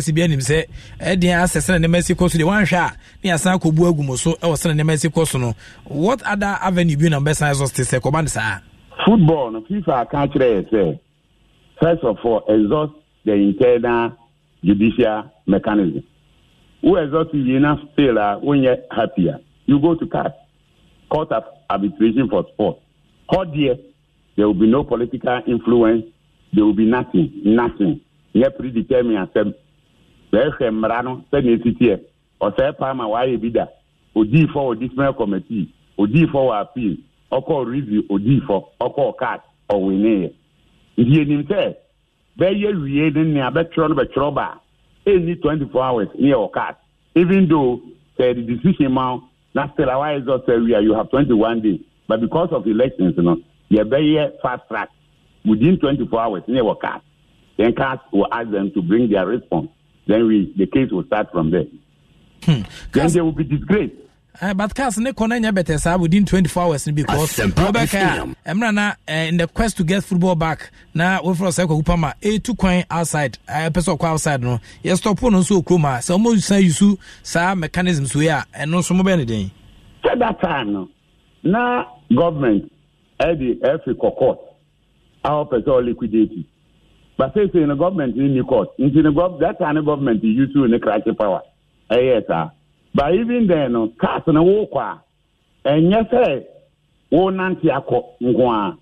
si bi anim sɛ ɛdeɛ asɛ sɛne nneɛma si kɔ so deɛ wanhwɛ a ne asan akɔbu agu mu so ɛwɔ sɛne nneɛma si kɔ so no what other avenue bi na bɛsan so te sɛ kɔba ne saa football no fifa ka kyerɛ yɛ sɛ first of all exhaust the internal judicial mechanism wo exhaust yi na still a wonyɛ happy a ah. you go to court court of arbitration for sport hɔ deɛ there will be no political influence there will be nothing nothing yɛ predetermine asɛm sɛɛhwɛ mmara no sɛnea ɛsitiɛ ɔsɛe paa ma waayɛ bi da odii fɔ wɔ dismal committee odii fɔ wɔ appeal ɔkɔɔ review odii fɔ ɔkɔɔ card ɔwineeɛ nti yɛnim sɛ bɛyɛ wie ne nea bɛtwerɛ no bɛtwerɛ ba a ɛnni 24 hours ne yɛwɔ card even though sɛ the decision ma na still a waayɛ sɛ ɔsɛ you have 21 days but because of elections no yɛbɛyɛ fast track within 24 hours ne yɛwɔ card then card will ask them to bring their response then we the case will start from there. Hmm. Then there will be disgrace. Uh, but cars ne kona nyɛ bɛtɛ saa within 24 hours ni because wobɛka a mmerɛ na eh, in the quest to get football back na wofrɛ sɛ kɔkupa ma ɛtu e, kwan outside A ɛpɛ sɛ ɔkɔ outside no yɛstɔpo no nso ɔkurom a sɛ ɔmɔsa yusu saa mechanism eh, so yi a ɛno nso mobɛ ne den sɛ that time no na government ɛde ɛfi court, a wɔpɛ sɛ ɔliquidate but say say na government ni ni court nti that time government you power ɛyɛ eh, saa but even then no uh, cars na wo kɔ a ɛnyɛ sɛ wo nante akɔ nko a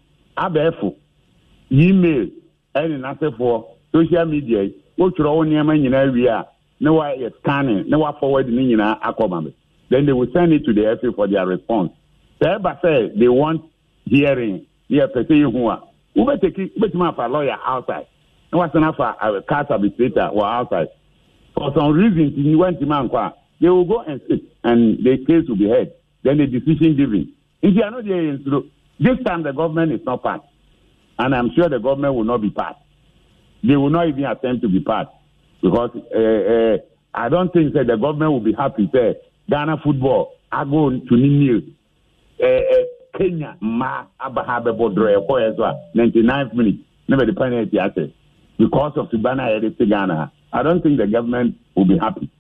abɛɛfo email ɛne social media yi wotwerɛ wo nneɛma nyinaa wie a ne wayɛ e scanning ne forward ne nyinaa akɔ ma me then they will send it to the FA for their response sɛ ɛba sɛ they want hearing ne yɛpɛ sɛ yɛhu a wobɛtumi afa lawyer outside na wasan afa uh, car servicerator were outside for some reason ti ni wọn ti ma nkọ they will go and sit and the case will be heard then the decision given nti ano de yẹn nsoro this time the government is not part and i'm sure the government will not be part they will not even attempt to be part because uh, uh, i don't think say the government will be happy say ghana football ago to nini uh, uh, kenya Ma aba ha abɛbɔ dorɔ ɛkɔɛ so a ninety nine minutes ne bɛ de penalty asɛ. because of the banner Eriti Ghana, I don't think the government will be happy.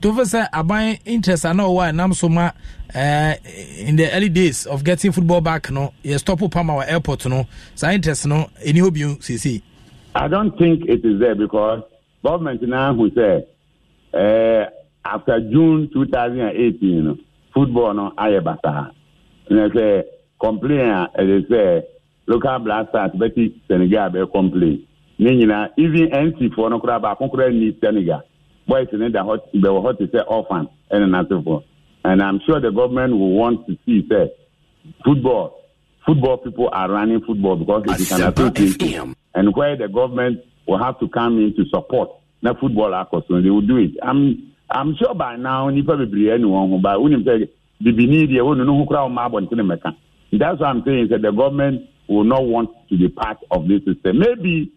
To sɛ aban interest I know why nam suma eh, in the early days of getting football back no yɛ stop pam our airport no So interest no Any hope you see? I don't think it is there because government now who say uh, eh, after June 2018 football no ayɛ basa na say complain and they say local blasters Betty Senegal bɛ complain ne nyinaa even ntfoɔ no koraa baako koraa ni senegal boys ne da hɔ bɛwɔ hɔ te sɛ orphan ne nasefoɔ and i'm sure the government will want to see sɛ football football people are running football because it is an association and where the government will have to come in to support na football akɔ so they will do it i'm i'm sure by now nipa bebree ɛni wɔn ho ba wonim sɛ bibini deɛ wɔn nunu ho koraa wɔn ma abɔnten mɛka that's why i'm saying sɛ the government will not want to be part of this system maybe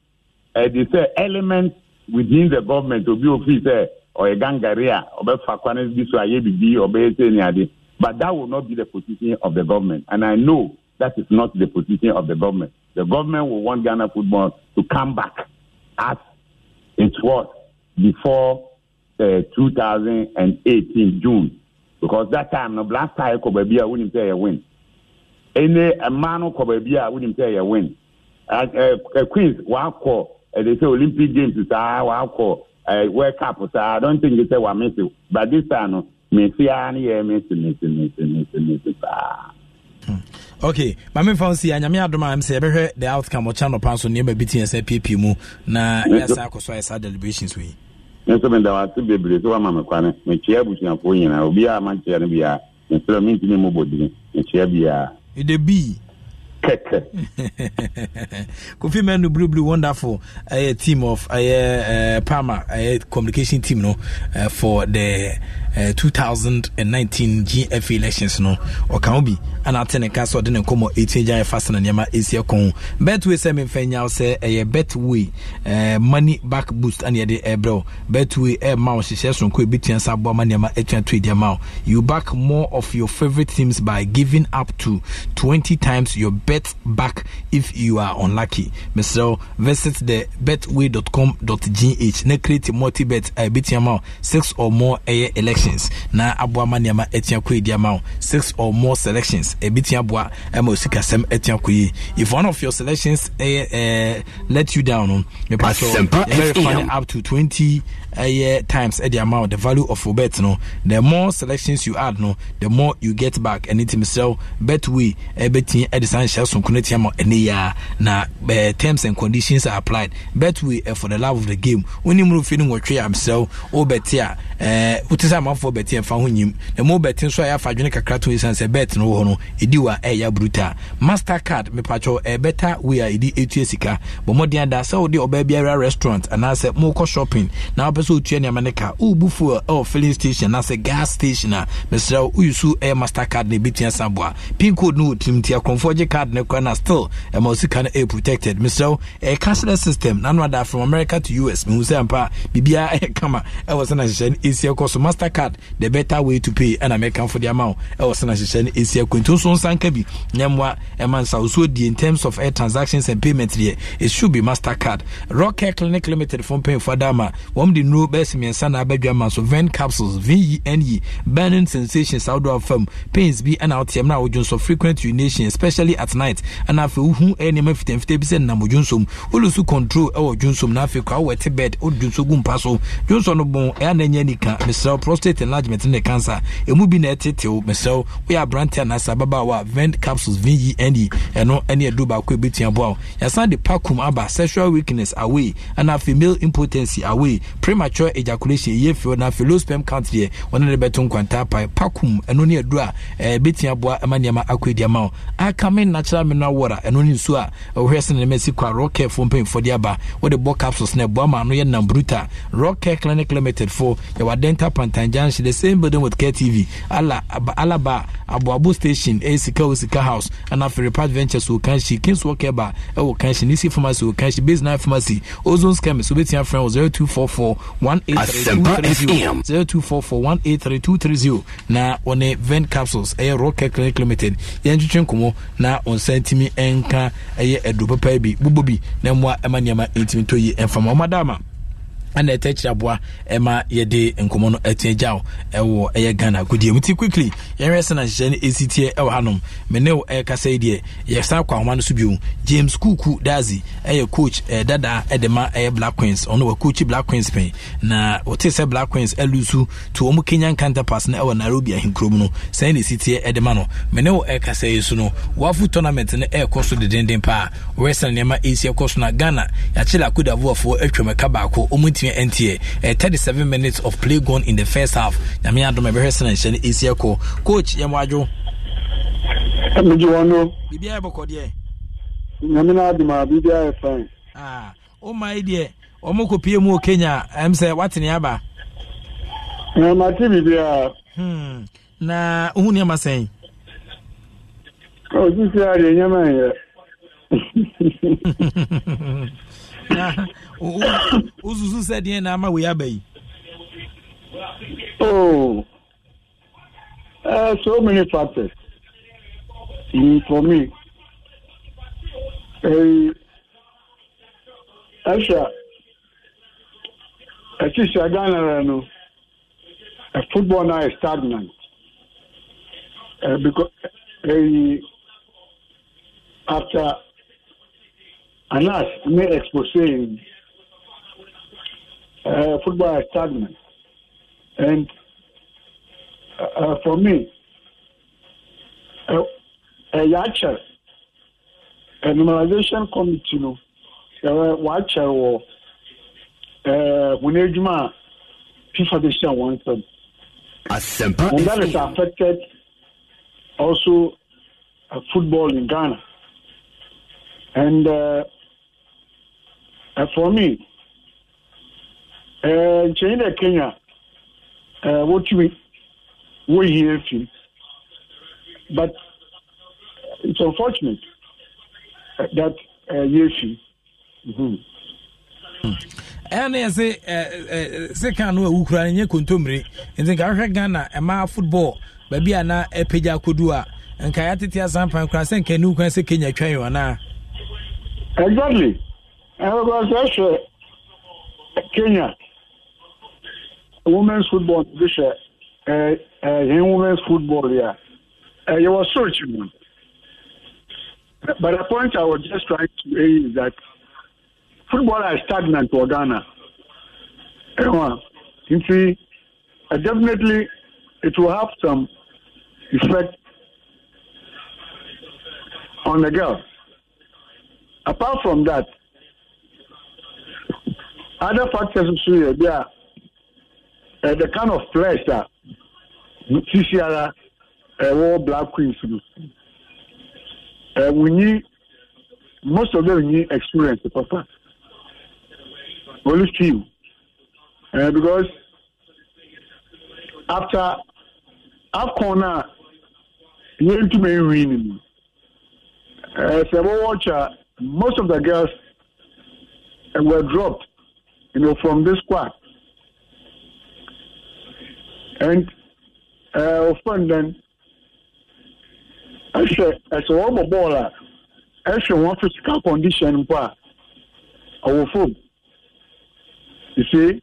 ɛde eh, sɛ element within the government obi ofi sɛ ɔyɛ oh, e gangare a ɔbɛfa kwan bi so ayɛ bibi ɔbɛyɛ sɛ ni ade but that will not be the position of the government and i know that is not the position of the government the government will want ghana football to come back as it was before uh, eh, 2018 june because that time no black tie kɔ baabi a wonim sɛ yɛ win ɛne mmaa no kɔ baabi a wonim sɛ yɛ win uh, uh, queens wakɔ. ɛde sɛ olympic games saa wakɔ uh, world cup saa i don't think sɛ wamese but this time no mese ara ah, ne yɛ mese mese mese mese mese saa. Hmm. okay maame nfa nsi anyame adum a sɛ yɛbɛhwɛ the outcome ɔkyɛn nɔpa nso nneɛma bi tiɛ sɛ piepie mu na yɛsa akɔ so ayɛ saa deliberations wɔ nso meda wase bebree sɛ wama me kwane mekyea abusuafoɔ nyinaa obiaa mankyea no biaa mesrɛ mentumi mmɔbɔdini mekyea biaa ɛdɛ bii Kofi Menu Blue Blue wonderful uh, team of uh, eh, uh, eh, Parma uh, communication team no uh, for the uh, 2019 GFA elections no Okaobi and atene ka so de ne komo etinja e fast na nyama esie kon betway se me fanya se eh, betway money back boost and the eh, bro betway e eh, ma o hihye so ko ebitia sa bo ma nyama etua to dia ma you back more of your favorite teams by giving up to 20 times your best bet back if you are unlucky. Mr. Visit the betway.com.gh. Ne create multi bet a bit amount six or more air elections. Na abuama niama etia kwe di amount six or more selections. A bit abua emosika sem etia kwe. If one of your selections eh, eh, let you down, me pass very funny up to 20 ɛyɛ times ɛde amount, the value of bet no the more selections you add no the more you get back ɛne tim sɛ betway ɛbɛtumi ɛde san hyɛ sonko no tiama ɛne yia na ɛɛ terms and conditions are applied betway ɛ for the love of the game wɔnni mu fi no wɔtwe amsɛw wɔbɛte a ɛɛ wote sɛ amanfoɔ bɛte ɛmfa ho nyim na mo bɛte nso a yɛ afa adwene kakra to esan sɛ bet no wɔ hɔ no edi wa ɛyɛ bruta mastercard mipatwɛ ɛbɛta way a yɛde etua sika bɔn mo deɛ da sɛ wɔde ɔbaa biara restaurant anaasɛ mo kɔ shopping na wopɛ sɛ otua nneɛma no ka wobu ɛwɔ filling station nasɛ gas station a mesrɛ wo woyusu ɛyɛ master card na ɛbɛtua sa boa pin code no wɔtirim nti akorɔmfoɔ gye card no kora na still ɛma wo sika no ɛyɛ protected mesrɛ wo ɛyɛ cashless system na no ada from america to us mehu sɛ mpa biribiaa ɛyɛ kama ɛwɔ sɛ na no ɛsi ɛkɔ so master card the better way to pay ɛna mɛkamfo de ama wo ɛwɔ sɛ na no ɛsi ɛkɔ nti nso nsa nka bi nyɛmmoa ɛma nsa in terms of air transactions and payment deɛ it should be master card clinic limited fo adama wɔm de nnuro bɛyɛ sɛ mmiɛnsa na abɛdwa ma so ven capsules vene e, burning sensations a wodoɔ afam pains bi ɛna woteɛ mmerɛ a wodwo nso frequent urination especially at night ɛna afei wohu ɛyɛ nneɛma fitamfita bi sɛ nnam odwonsom wolu so control ɛwɔ dwonsom na afei kora wowɛte bed wodwonso gu mpa so dwonso no bon ɛyɛ na ɛnyɛ nika mesrɛ prostate enlargement ne cancer ɛmu bi na ɛtetew mesrɛ woyɛ aberante anaasɛ ababaawa a ven capsules vene e, ɛno ɛne ɛduru baako ɛbɛtua boa wo yɛsan de pacum aba sexual weakness away ɛna afei male impotency away prim premature ejaculation yɛ fɛ na afei low sperm count deɛ wɔn ne bɛto nkwanta apan pakum ɛno ne aduro a ɛɛ bɛtumi aboa ɛma nneɛma akɔ edi ama wo akame ah, natural mineral water ɛno eh, ne nsuo a ɔhwɛ sɛ ne mɛsi kɔ a raw care fo mpanyinfoɔ de aba wɔde bɔ capsules na ɛboa ma ano yɛ nam bruta raw care clinic limited fo yɛwɔ adenta pantan junction the same building with care tv ala alaba aboabo station ɛyɛ eh, sika o sika house ɛna afei repart ventures wɔ kanhyi kings wɔ kɛba ɛwɔ kanhyi nisi pharmacy wɔ kanhyi base nine pharmacy ozone scammers obetumi afrɛ wɔ zero two four four 0244 na wɔne vent capsules ɛyɛ rock limited yɛntwetwe nkɔmmɔ na ɔnsa ntimi ɛnka ɛyɛ aduro papa bi bobɔ bi na mmoa ɛma nneɛma ntimi tɔ yi ɛmfama ɔmadaama ɛna ɛtɛ kyerɛ aboa ɛma yɛde nkɔmɔ no ɛtun agya o ɛwɔ ɛyɛ ghana gudie mu ti quickly yɛn rɛ sɛnɛ nhyehyɛ no esi tiɛ ɛwɔ hanom mene ɛkasa yi deɛ yɛsan kɔ ahoma no so bio james kuku dazi ɛyɛ coach ɛɛ dada ɛde ma ɛyɛ black queens ɔno wɔ coach black queens pɛn na wɔte sɛ black queens ɛlusu to wɔn kenyan counterparts na ɛwɔ nairobi ahenkurom no sɛn na esi tiɛ ɛde ma no mene ɛkasa yi so no wafu tournament no ɛɛkɔ so dedenden paa wɔrɛ sɛnɛ nneɛma esi na ghana yɛakyɛ lakodavuafoɔ atwam ɛka baako ɔmo ɛtumi ɛntiɛ ɛ seven minutes of play gone in the first half nyame adum ɛbɛhwɛ sɛ na nhyɛn esi ɛkɔ coach yɛn wadwo. ɛmɛgye wɔn no. biribi ayɛ bɔkɔ deɛ. nyame na adum a biribi ayɛ fine. aa ah, o maa yi deɛ wɔn kɔ pie mu wɔ kenya ɛm sɛ watene aba. ɛmɛ ati biribi a. hmm na ohun nneɛma sɛn. osisi a deɛ nyɛma yɛ. wosusu sɛ deɛ na ama wei aba yi oh eh, so many factors mm, for me ɛhwɛ eh, ɛsisa ghanara eh, no football na yɛ stagnant because uh, after anas ne exposé uh, football is and uh, uh, for me a uh, uh akyɛr uh, normalization committee no yɛwɛ wakyɛr wɔ wɔn adwuma a fifa de hyɛ wɔn nsam and that is affected also uh, football in ghana and uh, for me, eh, nkyɛn dɛ Kenya wotumi woyi efi but it's unfortunate that yefi. ɛne ɛse sika no awu kura no nyɛ kontommire nti nka wohwɛ ghana ɛma football baabi a na apagya akɔdu a nka yɛatete asampan kora sɛ nka ne wokura sɛ kenya twan anaa exactly How about this? Kenya, women's football, this year, uh, uh, uh women's football, yeah. Uh, you were searching one. But the point I was just trying to say is that football is stagnant for Ghana. You see, uh, definitely it will have some effect on the girls. Apart from that, other factors nso yɛ bi a eh, the kind of flesh a sisi ara ɛwɔ eh, black queens no eh, wunyi most of them wunyi experience papa only few uh, because after afcon na yɛn ntoma nwin ni mu sɛ wɔwɔ kyɛ most of the girls uh, were dropped. you know, from this squad. And uh, then, I said, as a rubber baller, I said, one physical condition, but our food. You see?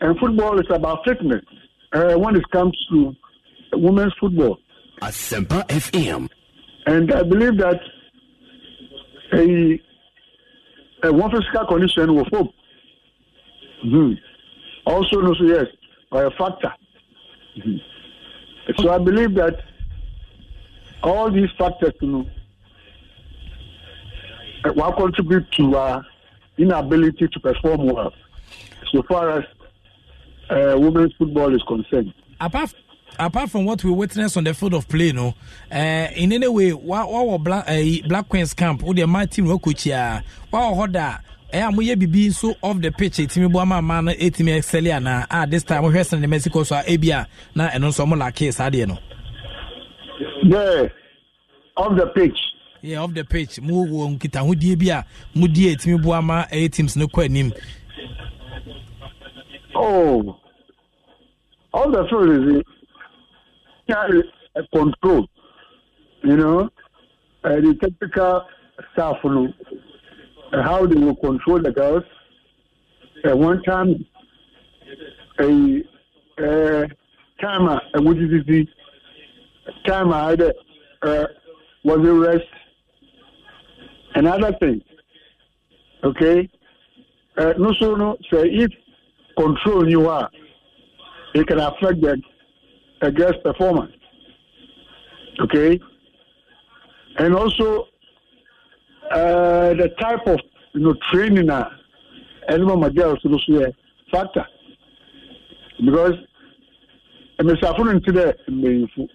And football is about fitness uh, when it comes to women's football. Asempa FM. And I believe that a, a one physical condition will hope. Mm. Also, no, yes, by a factor. Mm-hmm. Okay. So I believe that all these factors, you know, uh, will contribute to our uh, inability to perform well, so far as uh, women's football is concerned. Apart apart from what we witnessed on the field of play, no, uh, in any way, what, what Black, uh, Black Queens camp, or the Martin Rokuchia, what were ɛyɛ a moyɛ nso off the pitch ɛtumi boa ma ama no ɛtumi ɛsɛle anaa a this time wohwɛ sene ne mexico so a ɛbi a na ɛno nso mo lakee saa deɛ yeah off the pitch yeah off the pitch mo nkitahodie bi a modie ɛtumi boa ma ɛyɛ teams no kɔ anim oh off the field is a control you know uh, the staff how they will control the girls. At one time, a uh, which is the timer, I had uh, was a rest. Another thing, okay. Uh, no, so no. So if control you are, it can affect the a girl's performance. Okay? And also, Eh, the type of you know, training a animal ma girls no so factor because Mr. no today dɛ mmenyinfo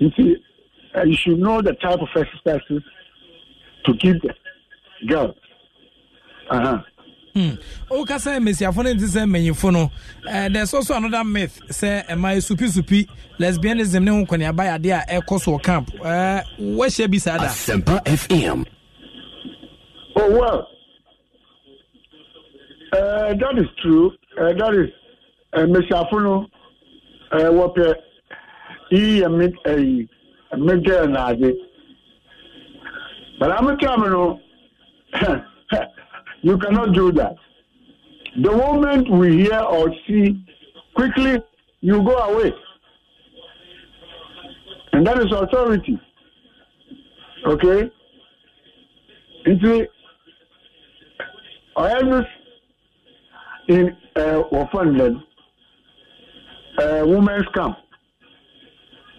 nti eh, you should know the type of exercises to keep the girl. Uh-huh. Hmm. woka sɛ mmesiafo no nti sɛ mmanyimfo no eh, there's also another myth sɛ ɛma supisupi lesbianism ne ho nkɔneaba yɛ adeɛ a ɛkɔ so wɔ camp woahyɛ bi saa da asɛmpa fm Oh, well, uh, that is true. Uh, that is, Mr. Afuno, what uh, he uh, made a major and But I'm a criminal. Oh. you cannot do that. The moment we hear or see, quickly you go away. And that is authority. Okay? It's Ernest in uh, offended uh, women's camp,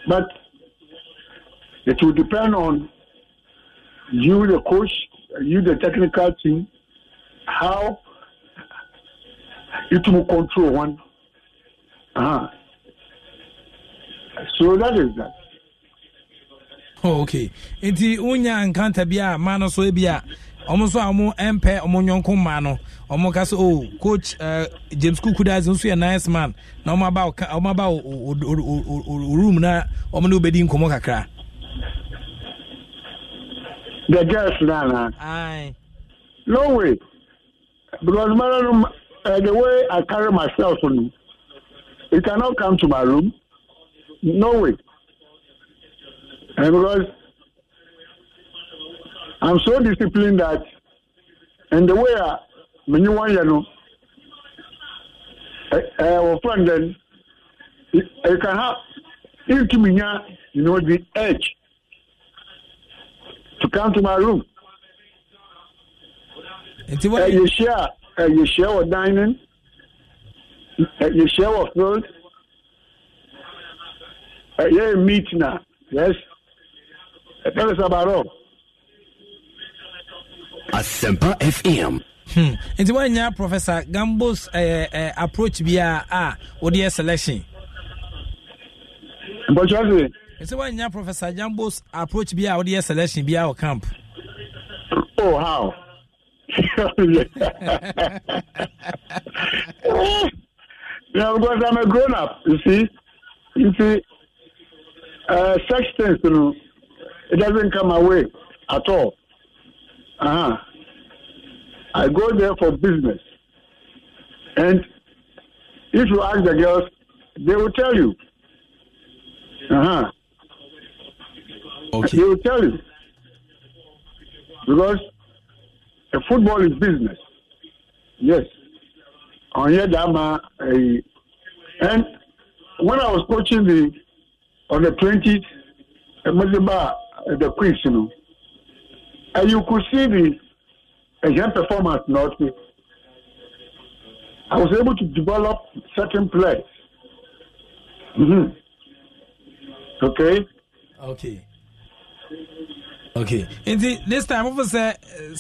but it will depend on you, the coach, you, the technical team, how it will control one. Uh-huh. So that is that. Oh, okay. Nti wonya nkanta bi a ma no so bi a ɔmo nso a ɔmo mpɛ ɔmo nyɔnko mmaa no ɔmo ka sɛ o oh, coach uh, james cook daze nso yɛ nice man na ɔmo aba ɔmo aba o room na ɔmo ne obedi nkɔmɔ kakra. the girls na aye. no way because mara no uh, the way i carry myself no it cannot come to my room no way and because. I'm so disciplined that, in the way I, many one you know, no, our friend then, you can have into me you know, the edge to come to my room. Nti wọ́n you share a ẹ̀yẹ ṣe wọ dining you share wọ food You meet now, yes Tell us about all. Asempa FM. Hmm. Nti wanya Professor Gambo's uh, uh, approach bi a a wodi selection. Mpɔtɔse. Nti wanya Professor Gambo's approach bi a wodi selection bi a camp. Oh how? yeah, because I'm a grown up, you see. You see, uh, sex things, you know, it doesn't come away at all. Uh-huh. I go there for business. And if you ask the girls, they will tell you. Uh-huh. Okay. They will tell you. Because a football is business. Yes. On Dama, and when I was coaching the on the 20th, the Queens, you know, and you could see the again performance not me. I was able to develop certain players. Mm-hmm. Okay. Okay. Okay. Nti this time wofo sɛ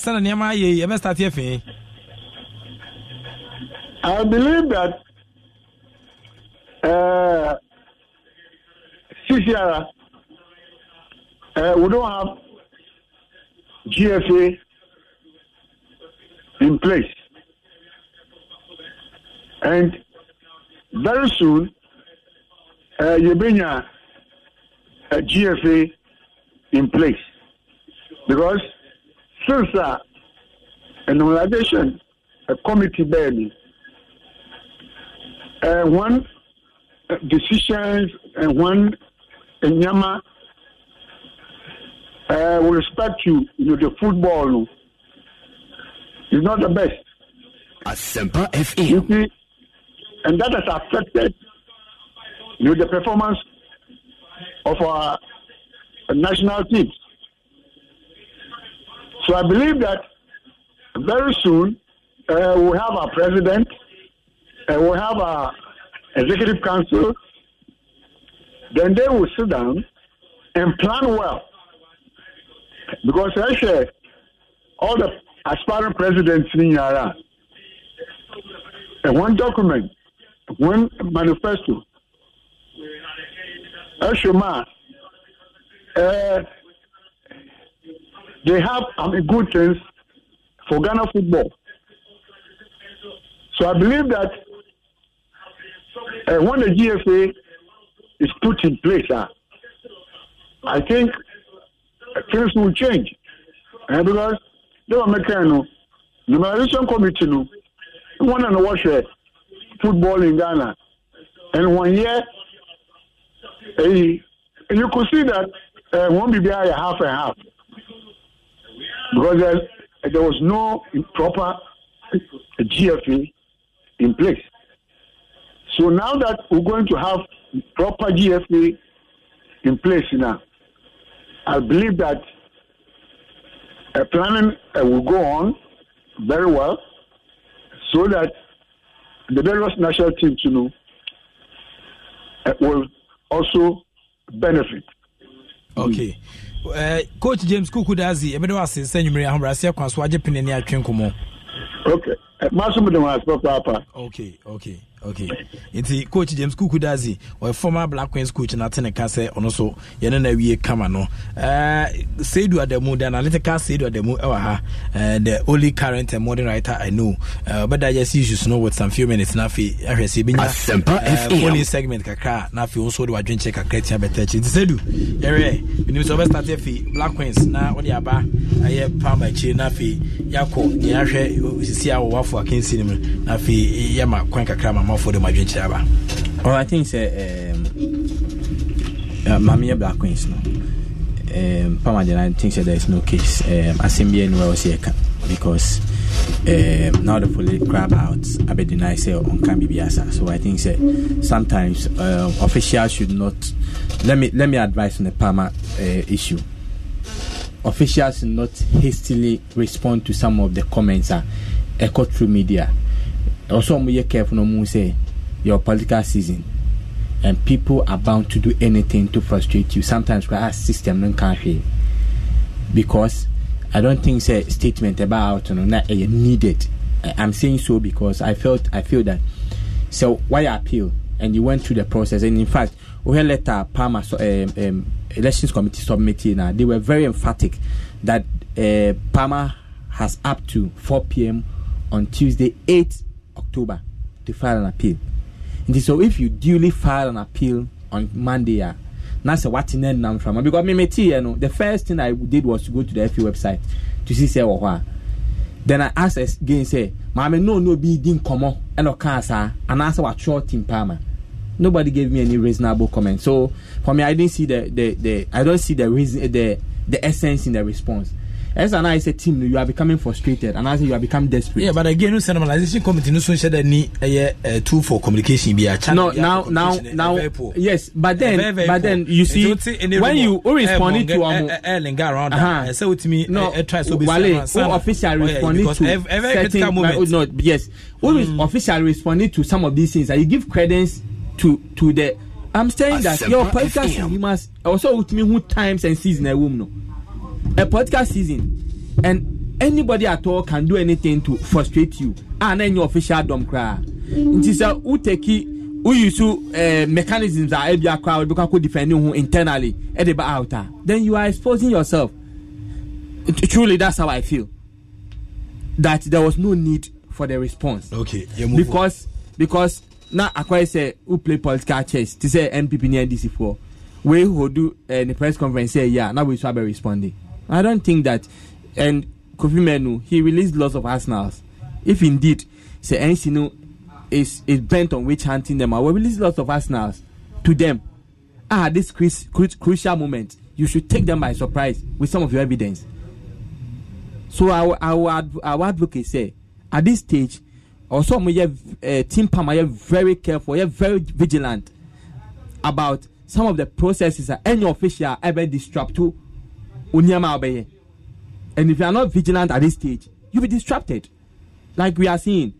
sɛne nneɛma ayɛ yi ɛbɛ start yɛ fi. I believe that uh, eh, CCR uh, eh, we don't have GFA in place. And very soon, uh, bring uh, a GFA in place. Because since uh, a normalization a committee barely, uh, one uh, decisions and one uh, uh, we respect you, you know, the football is not the best. simple, FM. You see, and that has affected you know, the performance of our national teams. So I believe that very soon uh, eh, we'll have our president, and eh, we'll have our executive council, then they will sit down and plan well because ɛhwɛ all the aspiring presidents ni nyara one document one manifesto ɛhwɛ mu uh, they have I um, good things for Ghana football. So I believe that uh, when the GFA is put in place, uh, I think things will change. Uh, because they were making the nomination committee no one and watch football in Ghana. And one year uh, you could see that uh, one BBI half and half. Because there, there was no proper GFA in place. So now that we're going to have proper GFA in place now, I believe that a planning uh, will go on very well so that the Belarus national team, you know, uh, will also benefit. Okay. Uh, Coach James Kukudazi, ebe na wase sɛ nwumere ahobrɛaseɛ kwan so agye pene ne atwe nkɔmmɔ okay eh, maso mu de wɔn asopɛ paapaa okay okay okay nti coach james kuku dazi ɔyɛ former black queens coach na ate ne ka sɛ ɔno so yɛne no awie kama no uh, eh, seidu adamu the analytical seidu adamu ɛwɔ ha uh, the only current and modern writer i know ɔbɛda uh, eh, just issues no with some few minutes na afei ahwɛ sɛ ɛbɛnya phone segment kakra na afei wo so wode wadwenkyɛ kakra tia bɛtɛ akyi nti seidu yɛwerɛ menim sɛ wobɛstarte afei black queens na wode aba ɛyɛ pam akyiri na afei yɛakɔ deɛ ahwɛ sisi a wɔwafo akensi no mu na afei yɛma kwan kakra mama amanfoɔ de madwe kyerɛ aba oh, i think sɛ um, uh, mameyɛ black queens no um, pama i think sɛ there is no case um, asɛm bi anywhere wɔ sɛ because um, now the police grab out I abɛ deny on can be asa so i think sɛ sometimes um, officials should not let me let me advise on the pama uh, issue officials should not hastily respond to some of the comments uh, echo through media also I'm careful no say your political season and people are bound to do anything to frustrate you sometimes our system don't can't because I don't think say statement about you know not needed I'm saying so because I felt I feel that so why appeal and you went through the process and in fact we had letter Palmer so, um, um, elections committee submitted now they were very emphatic that uh, Palmer has up to 4 p.m. on Tuesday 8 October to file an appeal. And so if you duly file an appeal on Monday, uh, ah, that's what in them from because me you know the first thing I did was to go to the FA website to see say ah. what then I asked again say Mama, no no be come on and okay sir and answer what short in Palmer nobody gave me any reasonable comment so for me I didn't see the the, the I don't see the reason the the essence in the response as and I say, team, you are becoming frustrated and as you are becoming desperate. Yeah, but again, no standardization committee no soon said that ni eh, a eh, tool for communication be a channel. No, now, now, eh, now, yes, but then, very, very but then you see, when you always respond to um, around, uh-huh. say with me, no, try to be Wale, oh, official responding to certain, oh, no, yes, is mm. official responding to some of these things that you give credence to to the. I'm saying that your podcast you must also with me who times and season a woman. No a podcast season and anybody at all can do anything to frustrate you a ah, na nye official dom koraa nti sɛ wotaki woyusu uh, eh, mechanisms a ebi akora wɔde bɛkɔ akɔ defend ho internally ɛde ba out a then you are exposing yourself truly that's how i feel that there was no need for the response. okay yeah, because on. because na akɔyɛ sɛ who play political chess ti sɛ npp ni ndc foɔ wei hodu uh, eh, ne press conference yɛ yia na wei so abɛ responding. I don't think that. And Kofi Menu, he released lots of arsenals. If indeed, say Ensino is is bent on witch hunting them, I will release lots of arsenals to them. Ah, this cru- cru- crucial moment, you should take them by surprise with some of your evidence. So our our our advocate say at this stage, also we have uh, team Pam are very careful, are very vigilant about some of the processes that any official ever disrupt to obeye. And if you are not vigilant at this stage, you'll be disrupted, like we are seeing.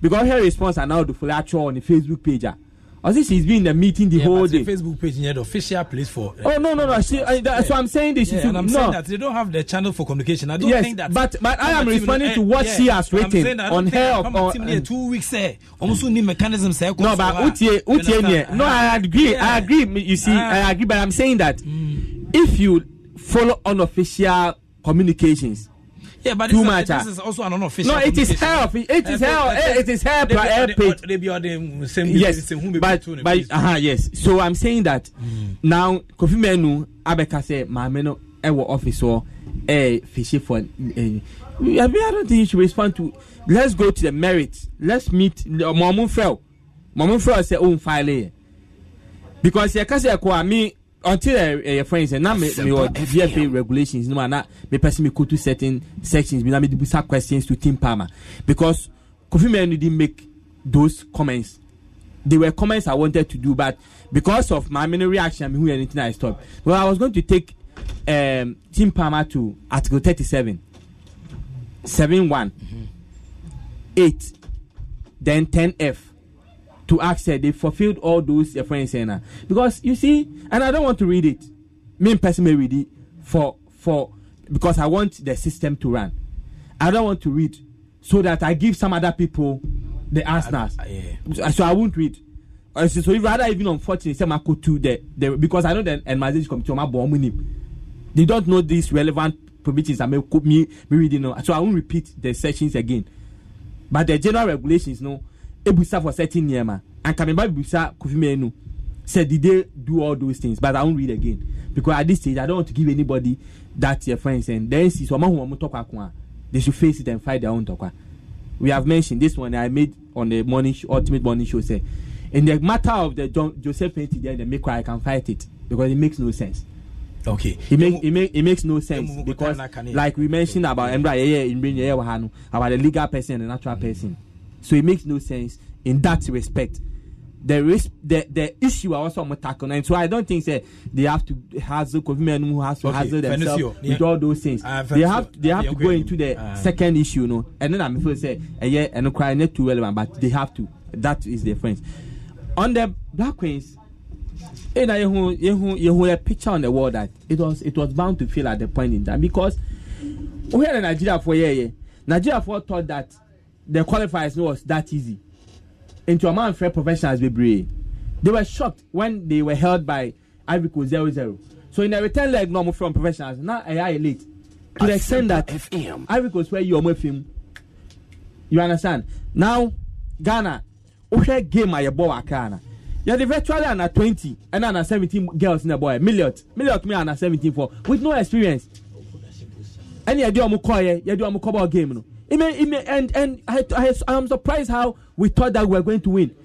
Because her response are now the full actual on the Facebook page. Ah. Or this she's been in the meeting the yeah, whole day. The Facebook page, yeah, the official place for. Uh, oh no, no, no. She, uh, uh that's yeah. what I'm saying. This, yeah, should, I'm no. saying that they don't have the channel for communication. I don't yes, think that. But but I am responding eh, to what she has written on her. Or, uh, two weeks there. Eh, almost mm. need mechanism. Eh, no, but utie utie No, I ah, agree. I agree. You see, ah. I agree. But I'm saying that mm. if you follow unofficial communications. Yeah, but too much. This is also an unofficial. No, it is her. It is her. Eh, it is her. They, page. the same. Yes, but, but uh-huh, yes. So I'm saying that mm. now Kofi Menu Abeka say maame no ɛwɔ office or ɛɛ eh, fishy for eh, I mean, I don't think you should respond to. Let's go to the merits. Let's meet. Mɔmu fɛw, mɔmu fɛw sɛ o oh, n file because yɛ kasa yɛ kɔ a until eh, eh, your friends, eh, and now me or vfa regulations no na mi pɛ sɛ mi to certain sections bi na mi busa questions to team palmer because kofi mɛnu did make those comments they were comments i wanted to do but because of my mini reaction mi hu anything i stopped. well i was going to take um, team palmer to article 37, 8, then ten f to ask her, eh, they fulfilled all those your friends saying her. Because you see, and I don't want to read it. Me personally read it for for because I want the system to run. I don't want to read so that I give some other people the answers. Yeah. So I won't read. Uh, so if rather even unfortunately, some I could to the, the because I know the enmization committee my bomb They don't know this relevant provisions. I may me me reading. So I won't repeat the sections again. But the general regulations, no ebusa for certain nneɛma anka meba ebusa kofi mmienu sɛ did they do all those things but i won read again because at this stage i don't want to give anybody that year friends. And then see some of them talk ko a they should face it and fight their own tɔkwa we have mentioned this one i made on the morning show, ultimate morning show say in the matter of the John, joseph painting there make maker i can fight it because it makes no sense. okay it makes it, make, it makes no sense because like we mentioned about emra yeye imbrin yeye wahano about the legal person and the natural person. Mm-hmm. So it makes no sense in that respect. The risk, the the issue are also tackle, and so I don't think say, they have to hassle women who has to okay. hassle themselves yeah. with all those things. Uh, they have they ah, have to go into the uh, second issue, you know. And then I'm to say, and eh, yeah, and cry not too relevant, but they have to. That is the difference. On the black queens, and I you a picture on the wall that it was it was bound to fail at the point in time because we had a Nigeria for yeah, yeah. Nigeria for thought that the qualifiers no was that easy into a man fair professionals bebree they were shocked when they were held by ivory coast zero zero so in the return leg normal from professionals now ẹ yà elite to the extent that ivory coast wẹ you are fim you understand now ghana wohwẹ game a yẹ bọ wà kra na virtually ana 20, ɛna ana seventeen girls in bɔ boy. milliot milliot mi ana 17 for with no experience ɛni yɛde ɔmo kɔ yɛ yɛde ɔmo kɔ bɔ game no. It may, it may, and and I, I, I am surprised how we thought that we were going to win.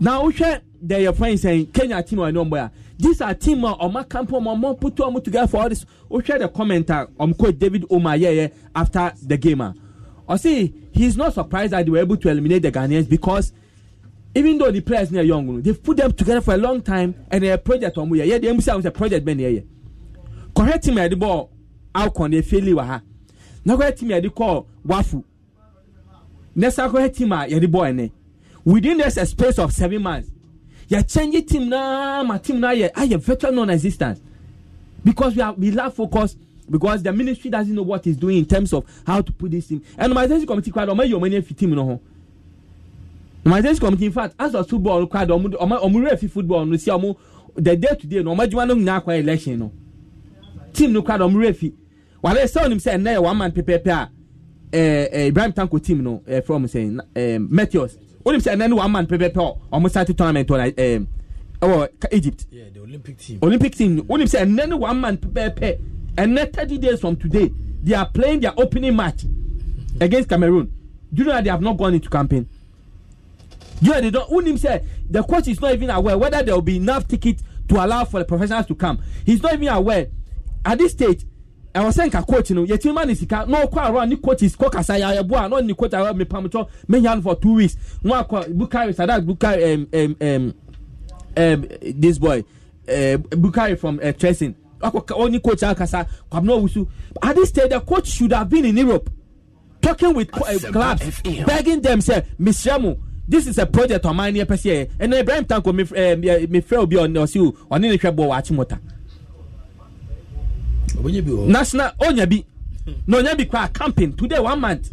Now, share there your friends saying Kenya team or number. These are team uh, or my camp or my put two more together for all this. We share the commenter on uh, um, quote David Omaye after the gamer. Uh? I see, he's not surprised that they were able to eliminate the Ghanaians because even though the players near young, they've put them together for a long time and a project on we yeah, the MC was a project man here. Correct him at the ball out on the failure na kɔ ɛtim yɛde kɔɔ wafu ne sa kɔ ɛtim a yɛde bɔ ɛne within this a space of seven months yɛkyɛnye team naa ma team naa yɛ ayɛ virtual non-existent because we are we lack focus because the ministry doesn't know what it's doing in terms of how to put this team and normalization committee kwado ɔmo yɛ ɔmo ani efi team no ho normalization committee in fact as of football kwado ɔmo ɔmo ɔmo rɛ fi football no si ɔmo the day to day no ɔmo adwuma no nyinaa kɔ election no team no kwado ɔmo rɛ fi wàbẹ sẹ ọnim sẹ ẹnna yẹ one man pẹpẹpẹ a ibrahim tanko team no ẹ fẹ ọmọ sẹ ẹ meteors ọnim sẹ one man pẹpẹpẹ ọ ọmọ sati tournament ɛwɔ egypt olympic team olympic sɛ ɛnɛ ni one man pɛpɛɛpɛ ɛnɛ thirty days from today they are playing their opening match against cameroon do you know that they have not gone into campaign you know they don wọn sɛ the coach is not even aware whether there will be enough ticket to allow for the professionals to come he is not even aware at this stage ɛwɔ sɛ nka coach no yɛtumi ma ne sika na ɔkɔ arɔ ne is kɔ kasa yɛayɛbo a na ɔne coach arɔ mepamtɔ menya no for two weeks na akɔ bukari sadak bukari um, um, um, um, this boy uh, bukari from tracing. tresin ɔne coach akasa kwabena ɔwusu at this stage the coach should have been in europe talking with eh, clubs begging them say misramu this is a project ɔman ne yɛpɛ sɛ yɛyɛ ɛnna ibrahim tanko mefrɛ eh, obi ɔne ɔsi o ɔne ne hwɛ bɔ wɔ akyemɔta national ɔnya oh, bi na ɔnya bi kɔ a camping today one month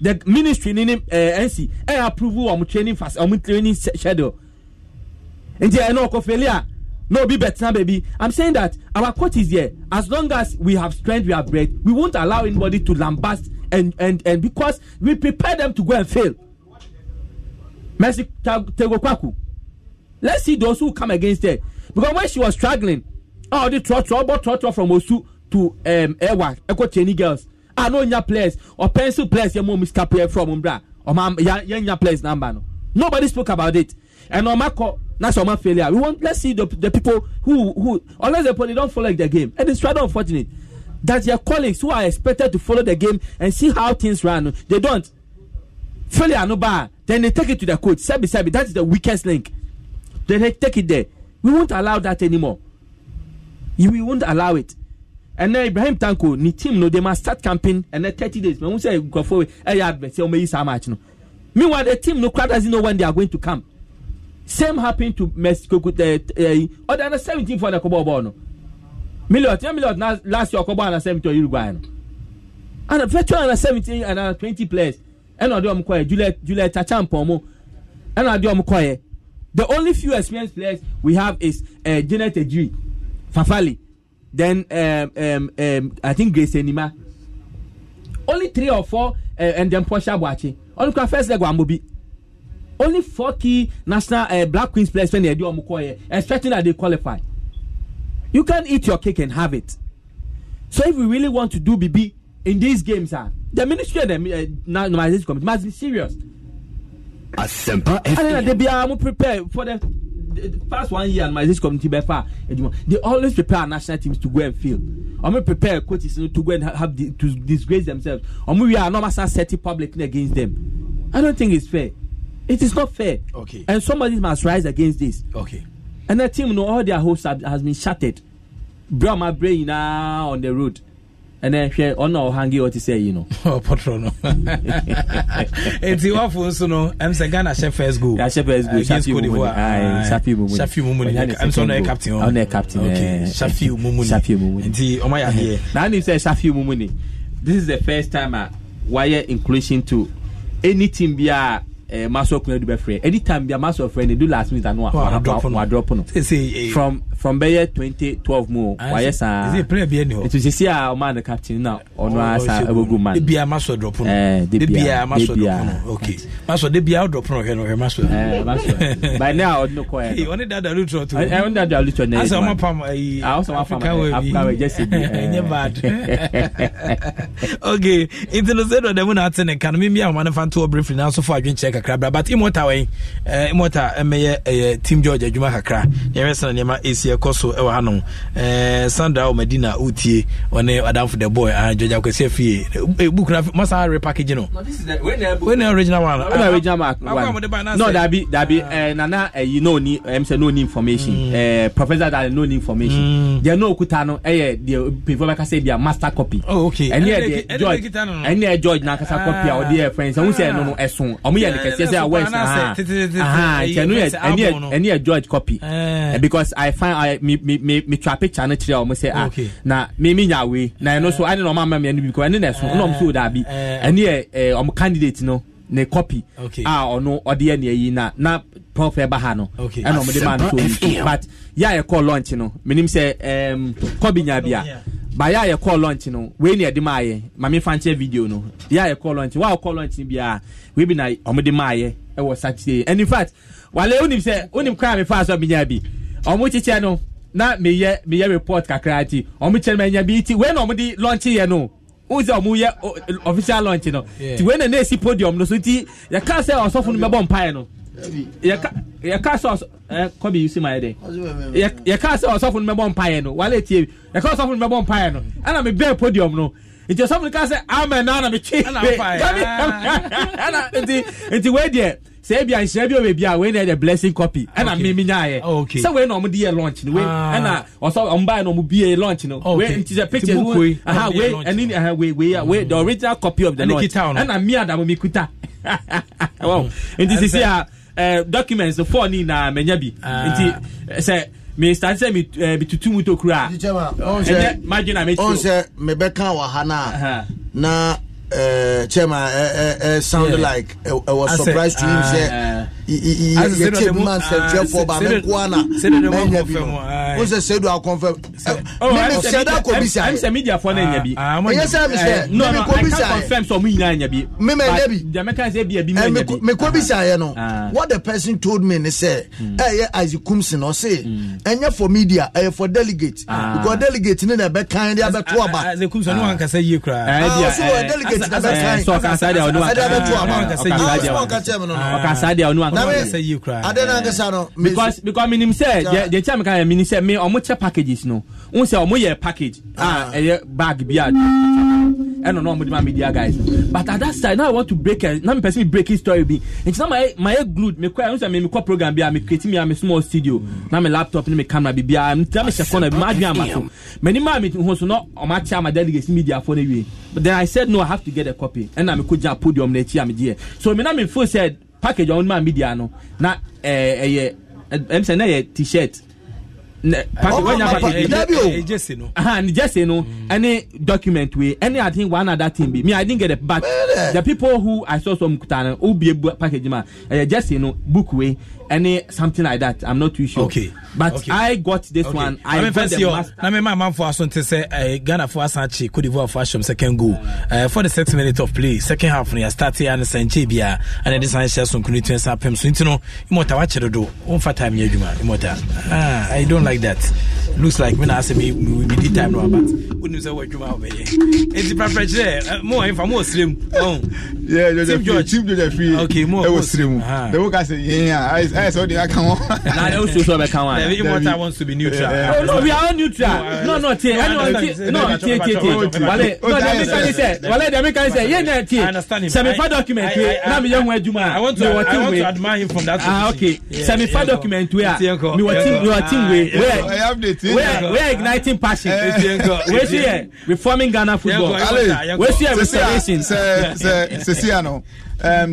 the ministry ni ni eh, ɛɛ nc ɛyɛ eh, approve am training fast wɔn training schedule nti ɛna ɔkɔ fɛli no be better baby i'm saying that our coach is here as long as we have strength we have breath we won't allow anybody to lambast and and and because we prepare them to go and fail mercy tegokwaku let's see those who come against her because when she was struggling oh the trot trot but from osu to um, Ewa, Eko Cheney girls. I ah, know your players or pencil players. Your mom is capable from Umbra or mom, your players number. No, nobody spoke about it. And on Marco, that's our failure. We want let's see the, the people who who unless the police don't follow like the game, and it's rather unfortunate that your colleagues who are expected to follow the game and see how things run, they don't. Failure no bar. Then they take it to the coach. Sebi sebi. That is the weakest link. Then they take it there. We won't allow that anymore. We won't allow it. ɛnɛ ibrahim tanko ne team no they must start camping ɛnɛ thirty days mɛmu sɛ nkurɔfoɔ ɛyɛ advert sɛ ɔmɛyi saa match no meanwhile the team no kura doesn't know when they are going to camp same happen to mexico ɛɛ eh, ɔdana eh, seventeen for ɛnɛ kɔbɔ bɔɔl no million ten million na last year ɔkɔbɔ ana seventeen uruguay no ana virtual ana seventeen eh, ana twenty players ɛna ɔde ɔmo kɔ yɛ juliet juliet chacha mpɔnmo ɛna ɔde ɔmo kɔ yɛ the only few experienced players we have is ɛɛ uh, janet ejiri fafali then um, um, um, I think Grace Enima. Only three or four, uh, and then Portia Boachi. Only first leg one be. Only four key national uh, Black Queens players when they do Omukoye, expecting that they qualify. You can't eat your cake and have it. So if we really want to do BB in these games, uh, the ministry and the uh, normalization committee must be serious. Asempa. And then they be uh, prepared for the past one year and my this community by far they always prepare national teams to go and fail ọmọ prepare coaches to go and have the, to disgrace themselves ọmọ we are normal set setting public against them i don't think it's fair it is not fair okay and somebody must rise against this okay and the team you know all their hopes have, has been shattered bro my brain now on the road ɛnɛ hwɛ ɔna ɔhange ɔte sɛ yi no ɔpɔtrɔ no enti wafo nso no ɛm sɛ ghana hyɛ first goal yɛahyɛ first goal eh, shafi mumuni shafi mumuni shafi mumuni ɛm sɛ ɔna yɛ captain ɔn ɔna yɛ captain ɛɛ eh. shafi mumuni shafi mumuni nti ɔma yɛ adeɛ na anim sɛ shafi mumuni this is the first time a uh, wayɛ inclusion to any team bi a ɛɛ eh, maso kunadu bɛ frɛ any time bi a maso frɛ ne do last minute ano a wadrɔpo no from from bɛyɛ twenty twelve mu ah, wayɛ saa etu sisi a ɔmo adi captain na ɔno asa oh, ɛbɛgu man. de bia ma sɔ dɔpɔ no de bia ma no okay Maso sɔ de bia ɔdɔpɔ no hwɛ no hwɛ ma ɛɛ eh, ma by now ɔdi no kɔ eh, yɛ. ɔni dada lu to. ɛ ɔni dada lu tɔ ne. asa ɔma pam ayi afrika wɛ eh, bi afrika wɛ jɛsi bi. ɛnyɛ bad. okay ntino se dɔ dɛmu n'ate ne kan mi mi ahoma ne fa to ɔbɛrɛfiri n'aso fo adwenkyɛ kakra but imota wɛn imota ɛmɛyɛ ɛyɛ team george adwuma kakra yɛrɛ sɛn nneɛma esi a ɛkɔ so ɛwɔ hanom ɛɛ sandra ɔmadina utie ɔne adamfo the boy ah georgia kwesi efie e, e, book na masa repackage no wey na original one wey na uh-huh. original mark one no dabi dabi ɛɛ uh-huh. eh, nana ɛyi eh, no ni ɛm eh, sɛ no ni information ɛɛ mm. professor dale no ni information deɛ mm. no okuta no ɛyɛ deɛ pefo bɛka sɛ deɛ master copy ɛni yɛ deɛ george ɛni yɛ george na kasa copy a ɔde yɛ friends ɛhun sɛ ɛno no ɛsun ɔmo yɛ ne kɛseɛ sɛ awɔ ɛsun ɛni yɛ george copy because i find na mi mi mi mi twa picture no kyerɛ ɔmo sɛ ah na mi mi nya wei na ɛno so eh. ɛne na ɔmo ama mi ɛno bi because ɛne na ɛso ɛna ɔmo so daabi eh. ɛne yɛ eh, ɔmo candidate no ne copy a ɔno ɔde yɛ nea yi na na prof ɛba ha no ɛna ɔmo de ma no so yi but yɛ a yɛ kɔɔ launch no menim sɛ ɛɛm kɔbi nya bia baya yɛ kɔɔ launch no wei na yɛde maa yɛ maame fankyɛ video no yɛ a yɛ kɔɔ launch wa kɔɔ launch biara wei bi na ɔmo de maa yɛ ɛwɔ saturday and in fact wale onim sɛ onim kwan mi fa so mi nya bi ɔmo kyekyɛ no na meyɛ meyɛ report kakra ti ɔmo kyɛn mɛ nya bi ti wɛn na ɔmo di lɔnkye yɛ no wọn sɛ ɔmo yɛ official launch no ti wɛn na na esi podium no so ti yɛ kaa sɛ ɔsɔfo no bɛbɔ mpaeɛ no yɛ kaa sɛ ɔsɔ ɛ kɔbi yi si ma yɛ dɛ yɛ kaa sɛ ɔsɔfo no bɛbɔ mpaeɛ no wale tie yɛ kaa ɔsɔfo no bɛbɔ mpaeɛ no ɛna mi bɛɛ podium no nti ɔsɔfo no kaa amen na na mi twi ɛna nti nti wɛ deɛ sɛ ebi anhyira bi o beebi a wei na yɛ blessing copy ɛna okay. mímí nya yɛ oh, sɛ wei na ɔmo di yɛ launch no wei ah. ɛna ɔsɔ ɔmo ba na ɔmo bi yɛ launch no oh, wei nti sɛ pictures wo aha wei ɛni aha wei wei wei the mm. original copy of the launch ɛna mi adamu mi kuta wow mm. nti sisi a documents four ni na mɛ nya bi ah. nti sɛ mi start sɛ mi ɛɛ mi tutu mu to kura ɛnyɛ margin na mi tu o. ɔn sɛ mi bɛ kan wa ha na. uh, chairman uh, uh, uh, sounded yeah. like uh, I was surprised to him. Uh, yɛtie ma nsɛmtwerɛfoɔ ba menkoa na manya bi no wo sɛ sɛdu akɔmfam kɔbisaɛyɛ sɛ mesɛ memekɔbisaeɛ no what the person told me ne sɛ ɛyɛ isaac kumson ɔse ɛnyɛ for media ɛyɛ for delegate because delegate ne na ɛbɛkan de abɛto aba delegate na bɛkan menim sɛ deɛ kyɛ meka menim sɛ me ɔmo kyɛ packages no wo sɛ ɔmo package a ah. ɛyɛ ah, e bag bi a ɛno na ma media guys but at that time now i want to break na mepɛ sɛ me breaking story bi nti na mayɛ glued mekɔ sɛ mekɔ program bi a mekreti mi a small studio na me laptop ne me camera bibiaa ntina mehyɛ kɔna bi maadwe ama so m'anim a meho so na ɔmakyɛ ama delegates mediafoɔ no awie then i said no i have to get a copy ɛna mekɔgya podium no akyi a medeɛ so me na mefo sɛ package ɔmo maa mi di ano na ɛɛ ɛyɛ ɛm sɛ n'ɛyɛ t-shirt oh, oh. eh, jesse no no. Mm. any document wey any i think one other thing be me i didn't get it but the people who i saw some kutana who be package man eh, jesse no book wey any something like that i'm not too sure okay but okay. i got this okay. one i, I mean, first of all, na mean ma man for us te say uh, eh, Ghana for us asanchi Cote d'Ivoire for ashom second goal uh, for the sixth minute of play second half no ya start here and sanche bia and the sanche sun kunu twen sa pem so nti no imota wa chere do One fa time you dwuma imota ah i don't like that looks like when I say me we be time now, but wouldn't say what dwuma obey enti papa chere mo en fa mo srem oh yeah eh, oh. George George free okay mo e wo srem then we ka say yeah ẹ sọ de aka wọn. na ne osu so bɛ kan wa. dabi immortal wants to be neutral. oh no we are all neutral. no no tie ɛni o ti no tie tie tie wale oh, no dɛmi kan ni sɛ wale dɛmi kan ni sɛ yen na tie sɛmifa document ye eh? na mi yɛ ŋun aduma mi wɔ ti i want to admire him from that. ah okay sɛmifa document we a mi wɔ ti mi wɔ ti we we are we are igniting passion we si yɛ reforming Ghana football we si yɛ restoration. sɛ sɛ sɛ si yan nɔ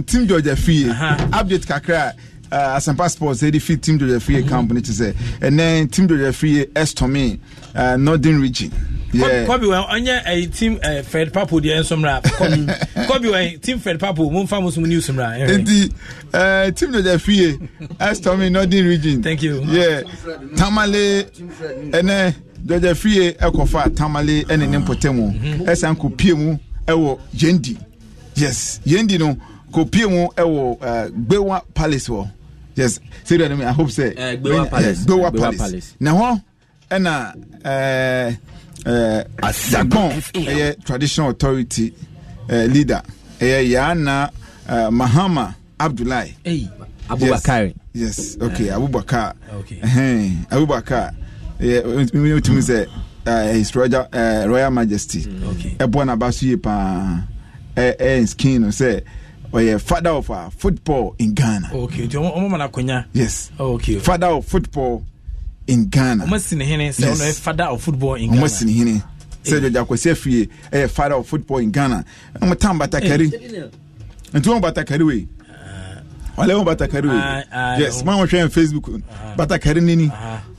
team george fi e uh-huh. update kakra uh, asempa sports ɛde fi team georgia free Company ne ti sɛ ɛnɛ team georgia free ɛstɔmi uh, northern region. Yeah. kɔbi wɛn ɔnyɛ ɛyi team fred papo deɛ nsɔmra kɔbi kɔbi wɛn team fred papo mo nfa mo sum news mra. nti team georgia free ɛstɔmi uh, northern region. thank you. Yeah. tamale ɛnɛ georgia uh, free ɛkɔfa uh, tamale ɛne ne mpɔtɛmu ɛsan kɔ pie mu ɛwɔ yendi yes yendi no kɔ mu ɛwɔ ɛɛ gbewa palace wɔ yes say that i hope say uh, eh, gbewa eh, palace uh, gbewa, palace, palace. na hɔ ɛna ɛɛ ɛɛ dakon ɛyɛ traditional authority ɛɛ eh, leader ɛyɛ yaana uh, mahama abdullahi hey, abubakar yes, yes okay uh, abubakar okay ɛhɛn abubakar ɛyɛ ɛyɛ otumi sɛ ɛɛ his royal ɛɛ royal majesty ɛbɔ mm, n'aba so yie paa ɛɛ ɛɛ skin no sɛ. ɔyɛ father of uh, football in ghana okay nti yes oh, okay father of football in ghana ɔmo si ne sɛ ɔno yɛ father of football in ghana ɔmo si ne hene sɛ jɔjɔ akwasi afie ɛyɛ father of football in ghana ɔmo tan ah. ah, ah, yes maa wɔn hwɛ n facebook batakari nini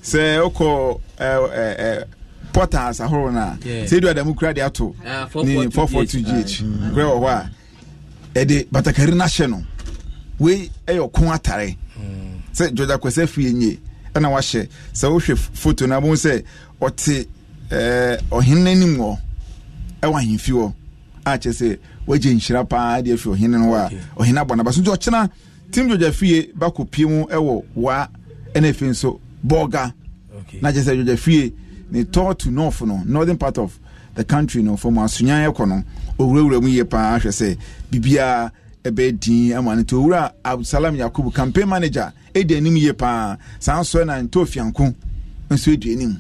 sɛ ɔkɔ ɛɛ ɛɛ portals ahorow na sɛ edu adamu kura de ato ne four four two gh kura wɔ hɔ a. ɛde batakari no ahyɛ no wei ɛyɛ ɔko atare sɛ georgia kwasɛ fie nye ɛna e wahyɛ sɛ wohwɛ foto na abom sɛ ɔte ɔhene no anim wɔ ɛwɔ ahemfi wɔ akyɛ sɛ wagye nhyira paa de afi ɔhene no hɔ a ɔhene abɔ naba so nti ɔkyena tim georgia fie bakɔ pie mu ɛwɔ e waa ɛna afei nso bɔga na kyɛ sɛ georgia fie ne tɔ to north no northern part of the country no fɔm asonyan ɛkɔ no owurawura mu yie paa ahwɛ sɛ biribiara ɛbɛyɛ din ama no nti owura absalam campaign manager ɛdi anim yie paa saa nso na nto nso ɛdi anim.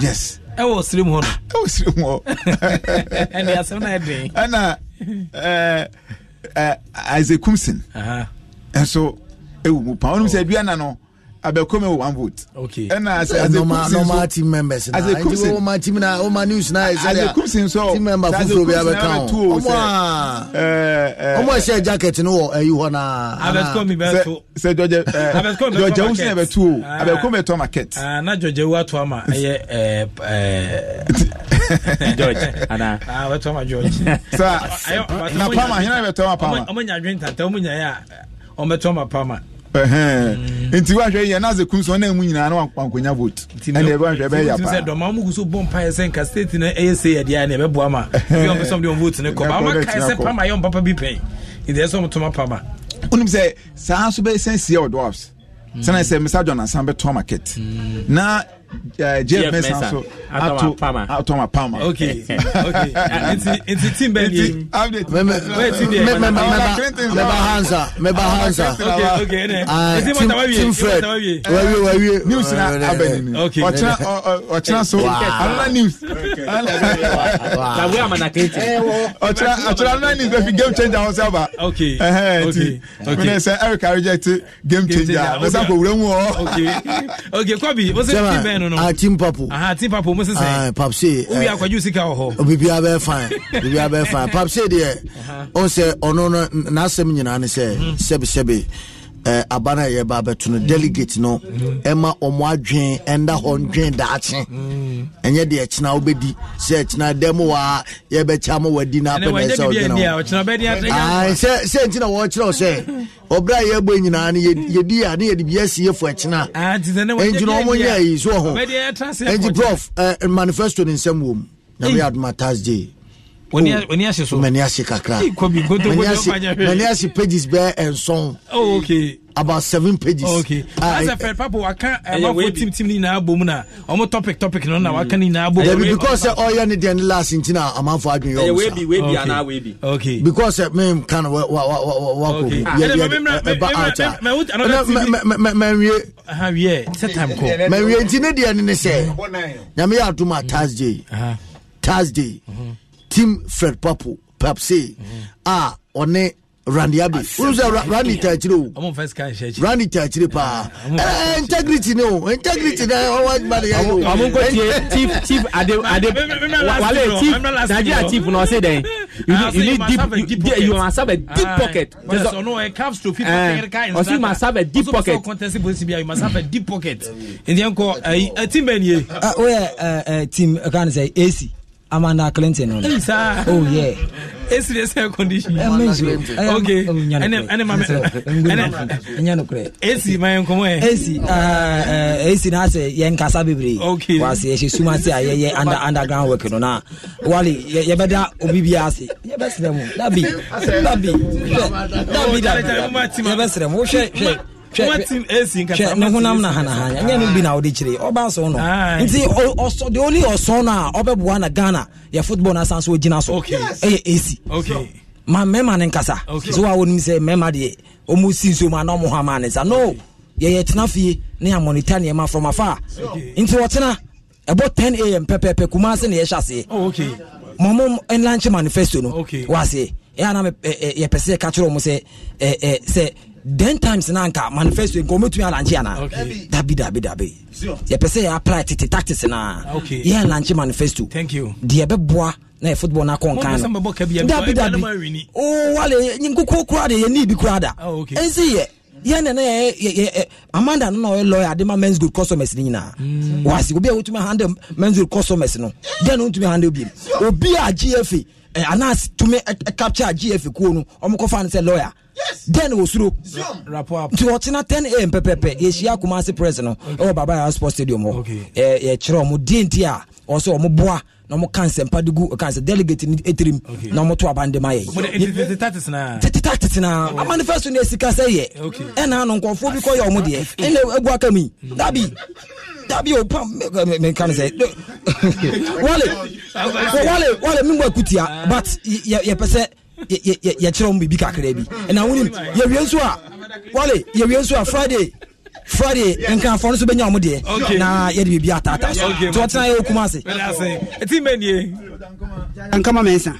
yes. ɛwɔ ɔsiri mu hɔ no. ɛwɔ ɔsiri mu hɔ. ɛni asɛm na ɛdi. ɛna ɛɛ eh, ɛɛ eh, isaac kumsin. ɛnso ewu mu paa ɔnum sɛ aduana no abɛkɔmi wɔ one vote. okay ɛna as a normal team members na as a kumsi ɔma team na ɔma news team member foforo bi abɛka ho ɔmo a eh, eh. ɔmo a ɛhyɛ jacket no wɔ ɛyi hɔ naa. abɛkɔmi bɛ to sɛ jɔjɛ ɛɛ jɔjɛ wusu na bɛ to o ah. abɛkɔmi bɛ to market. Ah, na jɔjɛ wu ato ama ɛyɛ ɛɛ eh, ɛɛ george ana ah, bɛ to ama george. sa na pama hinɛ bɛ to ama pama. ɔmo nya adwene tata ɔmo nya yɛ a to ama pama nti wahwɛ yɛn n'asɛ kun sɔn n'emu nyinaa na wankonya vote ɛna ɛbɛ wahwɛ bɛ yapa. sɛ dɔm amu kuso bɔ mpa yɛ nka state na ɛyɛ se yɛ deɛ ɛna ɛbɛ bu ama ebi wɔn bɛ de wɔn vote ne kɔ ba ama ka ɛsɛ pama yɛ wɔn papa bi pɛn nti ɛsɛ wɔn toma pama. onim sɛ saa nso bɛ sɛn sie ɔdɔ house sani sɛ mr john asan bɛ tɔ market mm. na. Eh, jeff mesa so ato ma palma. okay okay nti nti team bɛ yen. wait ti di yɛ mɛ mɛ ba hansa mɛ ba hansa. okay okay ɛnɛ ɛti mɔta wa wiye team fred wa wiye wa wiye. news na abɛni mi ɔkyerɛ ɔkyerɛ so anana news. tabu amana kente. ɔkyerɛ ɔkyerɛ anana news bɛ eh, fi game changer ɔsɛ ba. Ah? Eh, okay okay okay sɛ eric arigye ti game changer mɛ sanko wura mu wɔ. okay okay kɔbi o se team bɛ yen no no ah, team papo aha team papo mo sese ah pap say wo ya eh, kwaju sika ho bibi abɛ fine bibi abɛ fine pap say there on say ono no na asɛm nyina ne sɛ mhm. sɛbe sɛbe Eh, Abana no a yɛba abɛto no delegate no ɛma mm. ɔmo adwen ɛnda hɔ ndwen daakye ɛnyɛ mm. deɛ ɛkyena wobɛdi sɛ ɛkyena dɛ mo wa yɛbɛkyɛ mo wadi na apɛ na ɛsɛ ɔgyina hɔ sɛ sɛ nti na wɔkyerɛ wo sɛ ɔberɛ a yɛbɔ nyinaa no yɛdi a ne yɛde biɛ sie fo ɛkyena ɛnti ah, na ɔmo nyɛ ayi so ɔho ɛnti prof eh, manifesto ni nsɛm wɔ mu na meyɛ adoma thursday wani ase so mani ase kakra mani ase pages bɛ nson oh, okay. about seven pages oh, okay. Ah, as a fair papo waka ɛmafo tim tim ni nyinaa bɔ mu na ɔmo topic topic no na waka ni nyinaa bɔ mu dabi because ɔyɛ ne deɛ ne last nti na amanfo adwene yɛ ɔmo sa webi webi anaa webi because eh, me kan wa wa wa wa ko bi yɛ yɛ mɛ ba ata mɛ mɛ mɛ nwie mɛ nwie nti ne deɛ ne ne sɛ nyame yɛ atuma thursday thursday. Mm -hmm tim fred papo papse a ah, ɔne randy abe wọn sọ randy ta akyire o randy ta akyire paa ɛɛ integrity ni o integrity na ɔwɔ aduma de yɛ o. ɔmu nko tie chief chief ade ade wale chief nigeria chief na ɔse dɛ you need deep you you must have a deep pocket. ɔsi you must have a deep pocket. you must have a deep pocket. ǹjẹ́ nkọ team bẹ́ẹ̀ ni ye. o yɛ team kan sɛ ac. Amanda Clinton. No? Hey, sir. Oh yeah. It's the air condition. Eh, eh, okay. And then and mama. Enya no kre. AC my nkomo ah, ah, eh. AC eh AC na say yen kasa bebre. Okay. Was say she suma say ayeye under underground work no na. Wali ye beda obi bia ase. Ye besrem. Dabi. Dabi. Dabi. Dabi. Ye besrem. Wo hwe hwe ne honam no hanahanya ɛnyɛ no bi na wode kyerɛ ɔba so no nti the only ɔsɔ no a ɔbɛboa na ghana yɛ football no asan so ɔgyina so ɛyɛ ɛsi ma mmarima ne nkasa so wa wonim sɛ mmarima deɛ ɔmu si nsuo mu ana ɔmo ho ama ne nsa no yɛyɛ tena fie ne amɔnita nneɛma from afar nti wɔtena ɛbɔ 10 am pɛpɛpɛ kuma ase na yɛhyɛ aseɛ oh, mɔmɔ nlanche manifesto no wɔ aseɛ ɛyɛ ana yɛpɛ sɛ yɛka kyerɛ ɔmo sɛ sɛ ten times na nka manifesto nka wɔmɛtumi alankye anaa dabi dabi dabi yɛpɛ sɛ yɛ apply tete tactics naa yɛ alankye manifesto deɛ ɛbɛboa na yɛ football na kɔn kan no dabi dabi o wale nkoko kura de yɛ ni bi kura da oh, ɛnsi yɛ yɛn nana yɛ yɛ yɛ amanda nana ɔyɛ lɔya adi ma men's good customers ni nyinaa mm. waasi obi a wotumi handle men's good customers no eh? den no wotumi handle bi obi a gfa. Eh, anas tumi eh, eh, capture gf kuo no ɔmo kɔfa no sɛ lawyer den wɔ suro nti ɔtena 10 am pɛpɛpɛ yɛhyia kumase press no ɛwɔ baba yara sport stadium hɔ yɛkyerɛ ɔmo den ti a ɔsɛ ɔmo boa na ɔmo kan sɛ mpa de gu kan sɛ delegate ni etirim na ɔmo to abandema yɛ titita titena amanifesto ne esika sɛ yɛ ɛna ano nkɔfoɔ bi kɔ yɛ ɔmo deɛ ɛna egu aka mi dabi dabi o pam mɛ kan sɛ wale wale wale min bɔ kutia but yɛ pɛ sɛ yɛkyerɛ mu biribi kakra bi ɛna wonim yɛwie nso a wale yɛwie nso a friday friday nkanfo no so bɛnya ɔmo deɛ na yɛde biribi ataata so nti ɔtena yɛ okuma ase ankama mɛnsa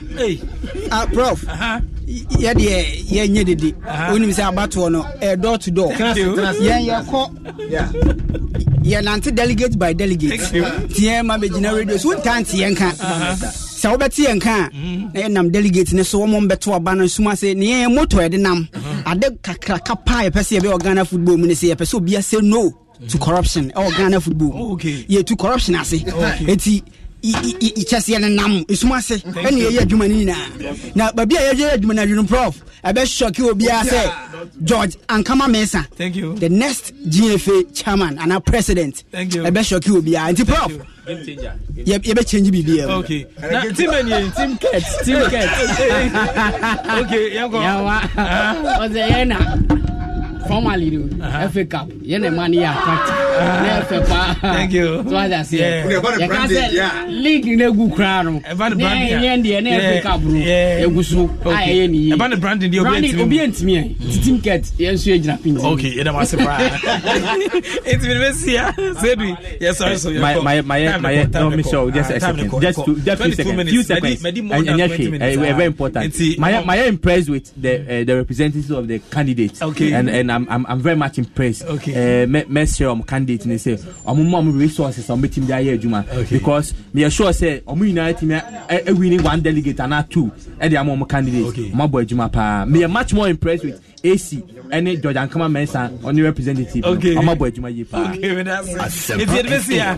prof yɛdeɛ yɛnyɛ dede wonim sɛ abatoɔ no ɛdɔ eh, to dɔ yɛn yɛkɔ yɛnante delegate by delegate teɛ ma bɛgyina radio so wontaa nteɛ nka sɛ wobɛte yɛ nka a na yɛnam delegate ne so wɔmɔ mbɛto aba no suma sɛ ne eh, yɛyɛ moto ɛde eh, nam uh-huh. ade kakraka eh, paa yɛpɛ sɛ yɛbɛyɛ ɔghana football mu ne sɛ yɛpɛ sɛ obia sɛ no to corruption ɛwɔ ghana football yɛtu corruption ase ɛti kyɛseɛ no nam nsum ase ɛne yɛyɛ adwuma no nyinaa na baabi a yɛyɛ adwuma no adwenomprɔf ɛbɛhyɔke obiaa sɛ george ankama mesa the next gfa chairman anaa president ɛbɛhyɔke obiaa nti prof yɛbɛ change biribiaa okay. yɛwa ɔsɛ yɛna formally do uh-huh. FA Cup. Yeah, the money yeah, attractive. Ah. Cup. Ah. Thank you. So I just say, yeah. yeah. yeah. league in a good crown. About the yeah, yeah, yeah. FA Cup, bro. Yeah, good so. I ain't here. About the brand, the Team cat, yes, you're jumping. Okay, you're not surprised. It's been messy, yeah. yes, sorry, so my my my my no, Michelle, just a ah, second, just to just few seconds, few seconds, and and eh, very important. My my impressed with the eh, the representatives of the candidates. Okay, and and I'm, I'm, I'm very much impressed. Okay. Uh, me, me um, candidate and they say, I'm mom resources, I'm meeting the Juma. Okay. Because me sure say, I'm united, me eh, eh, winning one delegate and not two. And I'm a candidate. Okay. My boy Juma Pa. Me much more impressed with ac ɛne george ankama mɛnsa ɔne representative ɔma bɔ adwuma yie paa nti yɛde bɛsi a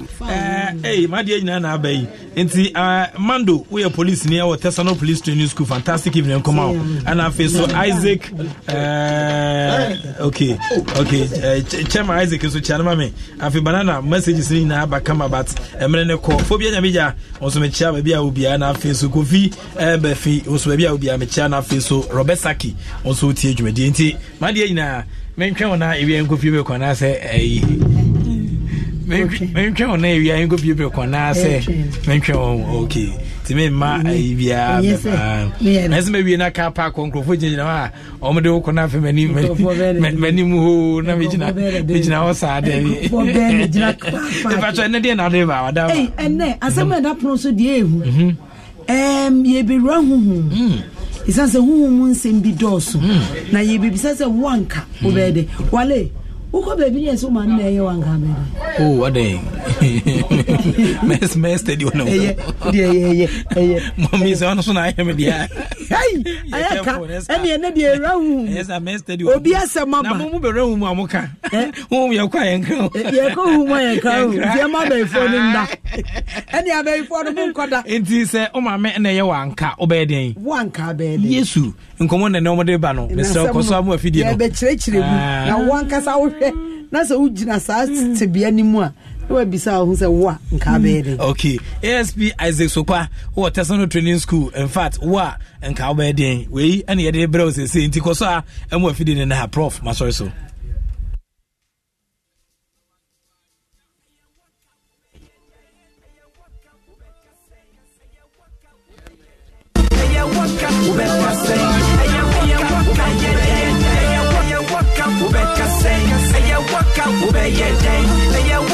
madeɛ nyinaa na aba yi nti mando woyɛ police ni ɛwɔ tesano police training school fantastic evening nkɔma wo ɛna afei so isaac uh, okay okay eh, chairman isaac nso eh, kyianoma me afei banana messages no nyinaa aba kama but mmerɛ ne kɔ fo bia nyamegya ɔnso mekyia baabi a ah, wobiaa na afei so kofi eh, bɛfi ɔnso baabi a ah, wobiaa mekyia na afei so robert saki ɔnso wotie dwumadie nti madeɛ nyinaa mentwɛn wo na ɛwia nkɔ fie bɛkɔ anaasɛ ayi mentwɛn wo na ɛwia nkɔ fie bɛkɔ anaasɛ mentwɛn wo okay ti mi ma ayi mm-hmm. biara bɛɛ ɛsɛ mɛ wie na kaa paaki nkurɔfoɔ gyinagyina hɔ a wɔn de wokɔ n'afɛ mɛni mɛni mu hoo na mi gyina mi gyina hɔ saa dɛ bi ìfàtɔ ɛnɛ deɛ na ɔde ba ɔda ba. ɛnɛ asɛm ɛda pono so deɛ ehu ɛɛm mhm. yɛ bi wura huhu. Mm ɛsiane sɛ honhom mu nsɛm bi dɔɔso na yɛbibisa sɛ woanka wobɛɛ hmm. dɛ wale wokɔ baabi ne yɛ sɛ woma no na ɛyɛ wanka bɛdɛ wadɛn mɛstadi wɔnɛyɛ mami sɛ ɔno so na ayɛ me ayɛ ka ɛne ɛnɛ deɛ ɛwura hum obi asɛ mama na mo bɛwura hum a mo ka hum yɛkɔ a yɛnka o yɛkɔ hum a yɛnka o deɛ ma abɛyifoɔ no nda ɛne abɛyifoɔ no mo nkɔ da nti sɛ o maame ɛna ɛyɛ wanka ɔbɛyɛ den wanka bɛyɛ yesu nkɔmɔ nana ɔmo de ba no mesrɛ kɔsɔ amu afidie no yɛbɛkyerɛkyerɛ mu na wankasa wohwɛ na sɛ wogyina saa tebea no mu wabisa ho sɛ wo nka bɛyɛ den okay asp isaac sopa wowɔ tesano training school in fact wo a nka wobɛyɛ den wei ɛne yɛde brɛ wo sɛsei nti kɔ so a ɛmu afidi ne no ha prof masɔre so Ubeka say, say ya waka, ubeye day, say ya waka.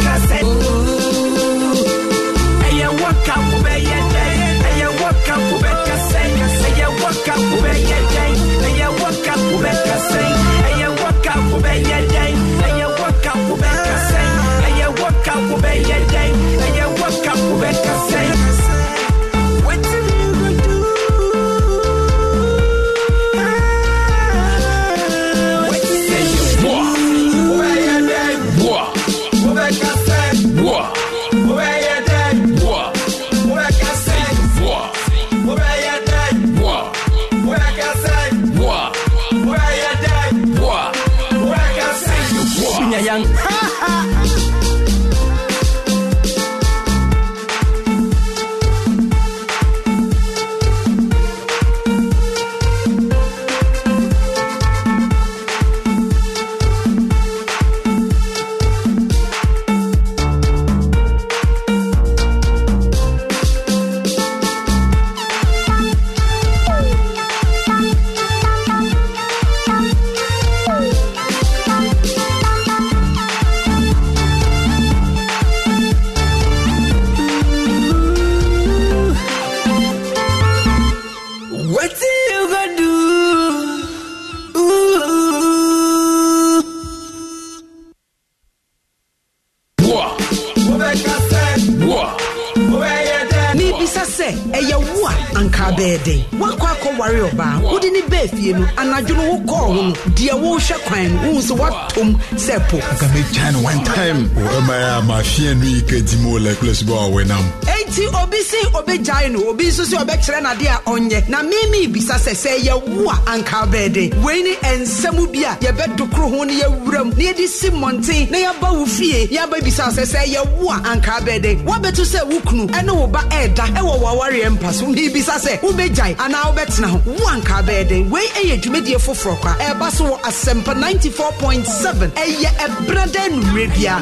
sɛ ɛyɛ wo a anka bɛyɛ den woakɔ akɔware ɔbaa wode ne baa fie no anadwo no wokɔɔ ho no deɛ worehwɛ kwan no wohu sɛ woatom sɛ po akamɛgya no one time ɛmayɛ a mafia no yi kadi mu lɛkulɛsi bɛ a nti obi si obi gyae no obi nso si ɔbɛkyerɛ n'adeɛ a ɔnyɛ na mimi bisa sɛ sɛ yɛwo a anka bɛɛ de wei ne ɛnsɛm bi a yɛbɛdo koro ho ne yɛwura mu na yɛde si mmɔnten na yɛba wo fie yɛaba bisa sɛ sɛ yɛwo a anka bɛɛ de woabɛto sɛ wo kunu ɛne wo ba ɛɛda ɛwɔ wɔawareɛ mpa so mibisa sɛ wobɛgyae anaa wobɛtena ho wo anka bɛɛ de wei ɛyɛ dwumadie foforɔ kwa ɛɛba so wɔ asɛmpa 94.7 ɛyɛ ɛbrɛ da anummerɛ biara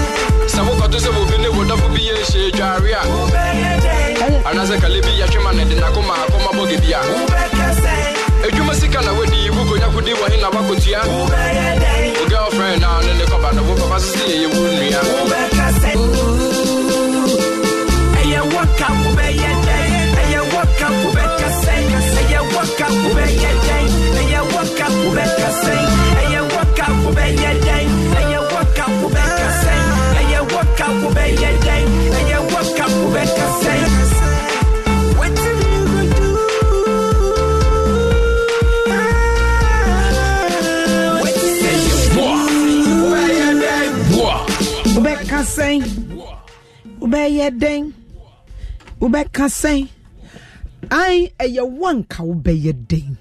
sɛ wokɔto sɛ bobi ne wodɔfo bi yɛ a anaasɛ kale bi yɛtwema ne nakoma akɔma bɔge a adwuma sika na wodi wo konyakodi wɔ he na woakɔtua girlfriend sɛn wobɛyɛ dɛn wobɛka sɛn an ɛyɛ wanka wobɛyɛ dɛn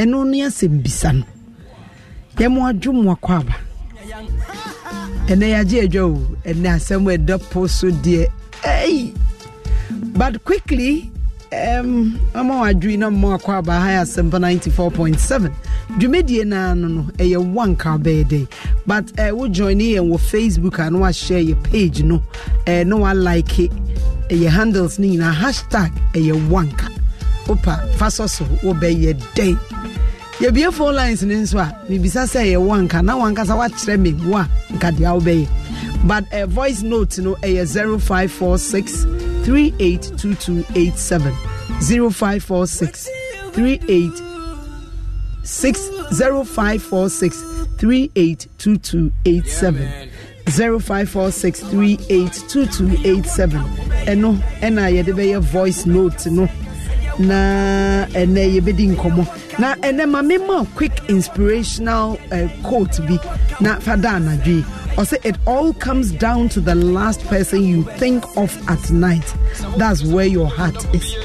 ɛno ne asɛm bisa no yɛmo adwo mmoakɔ aba ɛnɛ yɛagye adwa o ɛnɛ asɛm ɛda po so deɛ ei but quickly um, ama wadwene na mma akɔ aba ha asɛmpa 94.7 dwumadie na no no ɛyɛ wanka bɛyɛ dɛn but uh, wo join yɛn wɔ facebook a na share yɛ page no uh, na walike ɛyɛ handles no nyinaa hashtag ɛyɛ wanka wopa fa sɔ so wobɛyɛ dɛn yɛbie phone lines no nso a mebisa sɛ ɛyɛ wanka na wankasa wakyerɛ me wo a nkadeɛ wobɛyɛ but uh, voice note no ɛyɛ 0546 382287 0546 38 0546 382287 0546382287 ɛno ɛna yɛde bɛyɛ voice note no na ɛnɛ yɛbɛdi nkɔmmɔ na ɛnɛ ma mema quick inspirational uh, quote bi na fada anadwe Or say it all comes down to the last person you think of at night. That's where your heart is.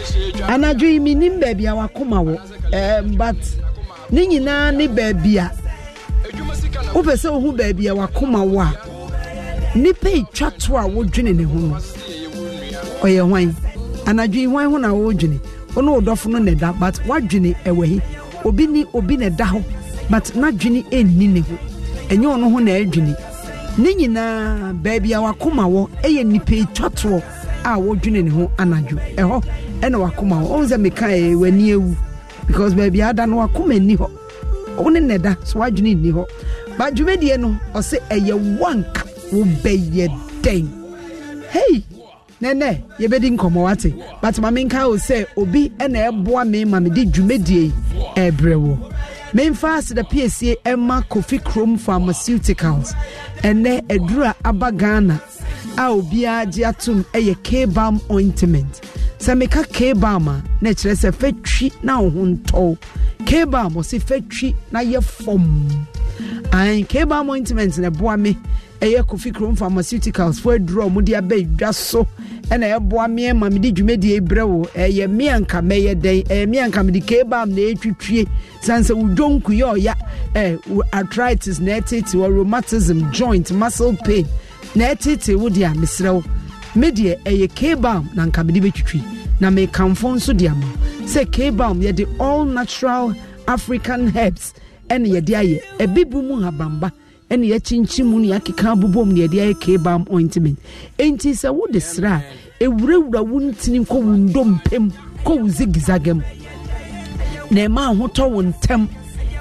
And I dream in baby awakumawo. Um, but ni nyinaa ne baabi a wopɛ sɛ wohu baabi a wakoma wo a nnipa etwa to a wodwene ne ho no ɔyɛ hwan anadwo yi hwan ho na wo no na ɛda but woadwene ewehi. obi ni obi na ɛda hɔ but n'adwene ɛnni ne ho ɛnyɛ na ne nyinaa baabi a wakoma wɔ ɛyɛ nipa etwatoɔ a wɔdwene ne ho anadwo ɛhɔ ɛna wakoma wɔ ɔn sɛ meka ɛyɛ w'ani ewu because baabi ada no wakoma ni hɔ ɔmo ne nɛda so wadwene ni hɔ ba dwumadie no ɔsɛ ɛyɛ wank wo bɛyɛ dɛn hei nɛnɛ yɛbɛdi nkɔmɔ wate batoma menka o sɛ obi ɛna ɛboa me ma me de dwumadie ɛɛbrɛ wɔ. memfa aseda piesie ɛma kofi krom pharmaceuticals ɛnɛ adura aba ghana a obiara gye atom ɛyɛ kbam ointment sɛ meka kbam a na ɛkyerɛ sɛ fatwi na wo ho ntɔw kbam ɔse fatwi na yɛ fam an kbam ointment na ɛboa me ɛyɛ kofi krom pharmaceuticals fo aduro a ɔmode aba edwa so ɛna ɛboa me ma mede dwumadie brɛ wo ɛyɛ me anka mɛyɛ dɛn ɛyɛ me anka mede kabam na ɛtwitwie sane sɛ wo ɔya ɛ arthritis na ɛtete wɔ rheumatism joint muscle pain na ɛtete wo deɛ a mesrɛ wo me ɛyɛ kabam na anka mede bɛtwitwi na mekamfo nso de ama sɛ kabam yɛde all natural african herbs ɛne yɛde ayɛ ɛbibu mu habamba ɛne yɛkyinkyin mu ne yɛakeka abobɔ mu ne yɛde ayɛ kabam ointment enti sɛ wode serɛ a ɛwurawura e wo ntini kɔ wo ndompem kɔ wo zigzag mu na ɛma ho tɔ wo ntɛm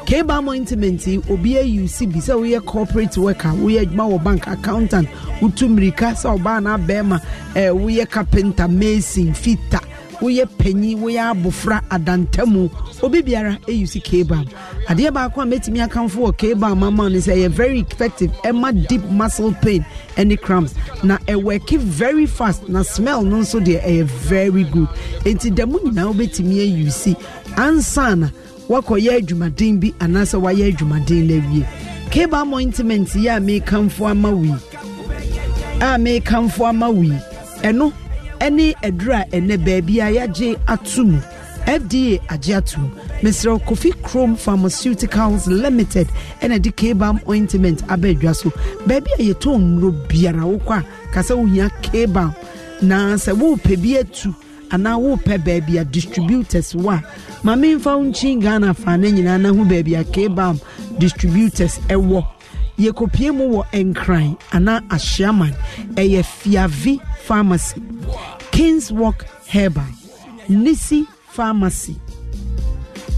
kabam ointment yi obi ayi si bi sɛ woyɛ corporate worker woyɛ adwuma wɔ bank accountant wotu mmirika sɛ ɔbaa no abɛɛma eh, woyɛ carpenter mason fitter woyɛ panyin woyɛ abofra adantamu obi biara ɛyi si kebab adeɛ baako a mɛtumi akamfo wɔ kebab mama no sɛ ɛyɛ very effective ɛma deep muscle pain ɛne cramps na ɛwɔke very fast na smell no nso deɛ ɛyɛ very good enti dɛm nyinaa wobɛtumi ayi si ansana wakɔyɛ adwumaden bi anaasɛ wayɛ adwumaden no awie kebab ointment yi a mekamfo ama wii a mekamfo ama wii ɛno ne aduru a ɛnɛ baabi a yɛagye ato fda agye ato mu mesrɛ kofi chrome pharmaceuticals limited ɛna de kbam ointment aba adwa so baabi a yɛtɔ nnuro biara wokɔ a ka sɛ wohia kbam na sɛ worepɛ bi atu anaa worepɛ baabi a distributors wɔ a ma memfa wo nkyin ghana fa ne nyinaa na ho baabi a kbam distributors ɛwɔ e yɛkɔpie mu wɔ nkran anaa ahyiaman ɛyɛ fiavi pharmacy kings walk herbal nisi pharmacy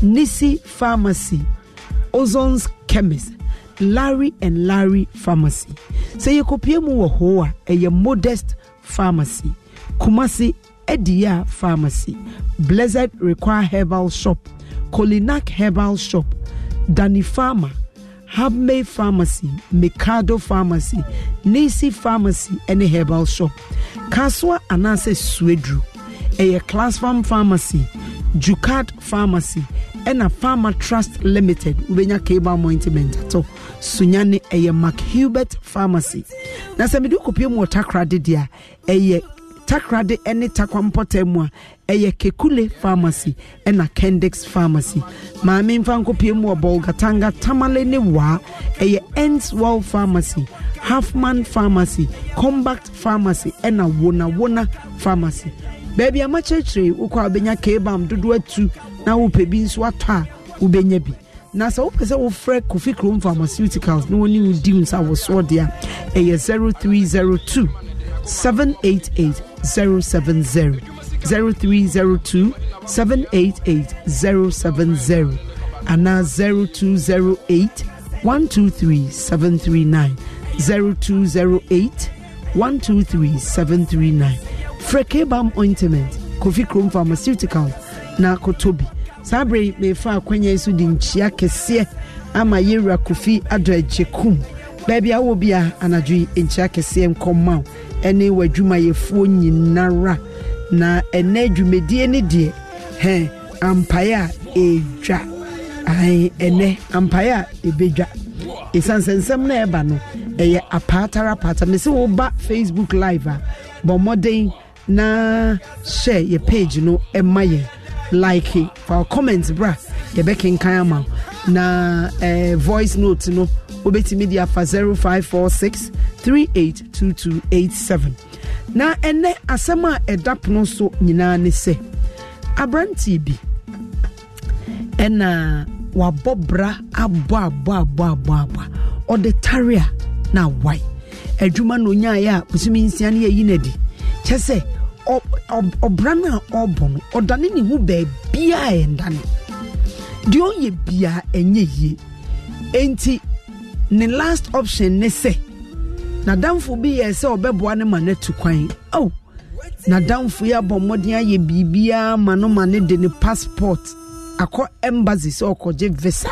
nisi pharmacy ozons chemist larry and larry pharmacy sɛ yɛkɔpie mu wɔ hoo a ɛyɛ modest pharmacy kumasi edia pharmacy blessed require herbal shop kolinak herbal shop Danny pharma Habme Pharmacy, Mikado Pharmacy, Nisi Pharmacy, ɛne Herbal Shop. Kasoa anaasɛ Suedru, ɛyɛ Class Farm Pharmacy, Jukad Pharmacy, ɛna Pharma Trust Limited, ubenya cable appointment atɔ. Sunya ne ɛyɛ McHubert Pharmacy. Na sɛ mede kɔpie mu wɔ Takrade deɛ a, ɛyɛ Takrade ne ɛyɛ kekule pharmacy ɛna kendix pharmacy maame mfa nkɔpie mu wɔ bolgatanga tamale ne waa ɛyɛ enswell pharmacy halfman pharmacy combat pharmacy ɛna wonawona pharmacy baabi a makyerɛkyerɛ eh, wokɔ a wobɛnya kabam dodoɔ atu na wopɛ bi nso atɔ a wobɛnya bi na sɛ wopɛ sɛ wofrɛ kofi krom pharmaceuticals na wɔne wo di nsa wosoɔ deɛ a ɛyɛ 0302 788 070 0302 788 070 0208 0208 Freke Balm Ointment Kofi Chrome Pharmaceutical na Kotobi Bi. bere mefa kwenye isu so de nkyia ama yɛwura kofi adɔ agye kum baabi awɔ bi a anadwo yi nkyia kɛseɛ yefu ɛne w'adwumayɛfoɔ nyinara na ɛnɛ dwumadie ne deɛ hɛn ampaeɛ a ɛredwa ahen ɛnɛ ampaeɛ a ɛbɛdwa ɛsiane sɛ nsɛm no ɛreba no ɛyɛ apaatara Me mesi woba facebook live a bɔ mmɔden na hyɛ yɛ page no ɛma yɛn like fa comment bra yɛbɛkenkan ama na eh, voice note no wobɛtumi de afa 0546 382287 na ɛnɛ asɛm a ɛda pono so nyinaa ne sɛ aberanteɛ bi ɛna wabɔ bra abɔ abɔ abɔ abɔ abɔ ɔde tare a na awae adwuma na onyaeɛ a bosomi nsia no yɛyi no adi kyɛ sɛ ɔbra no a ɔrebɔ no ɔdane ne ho baabiaa no deɛ ɔyɛ biaa ɛnyɛ yie enti ne last option ne sɛ n'adamfo bi yɛ sɛ ɔbɛboa ne ma n'atu kwan oh n'adamfo yi abɔ mmɔden ayɛ biribiara ma no ma ne de ne passport akɔ embassy sɛ ɔkɔgye visa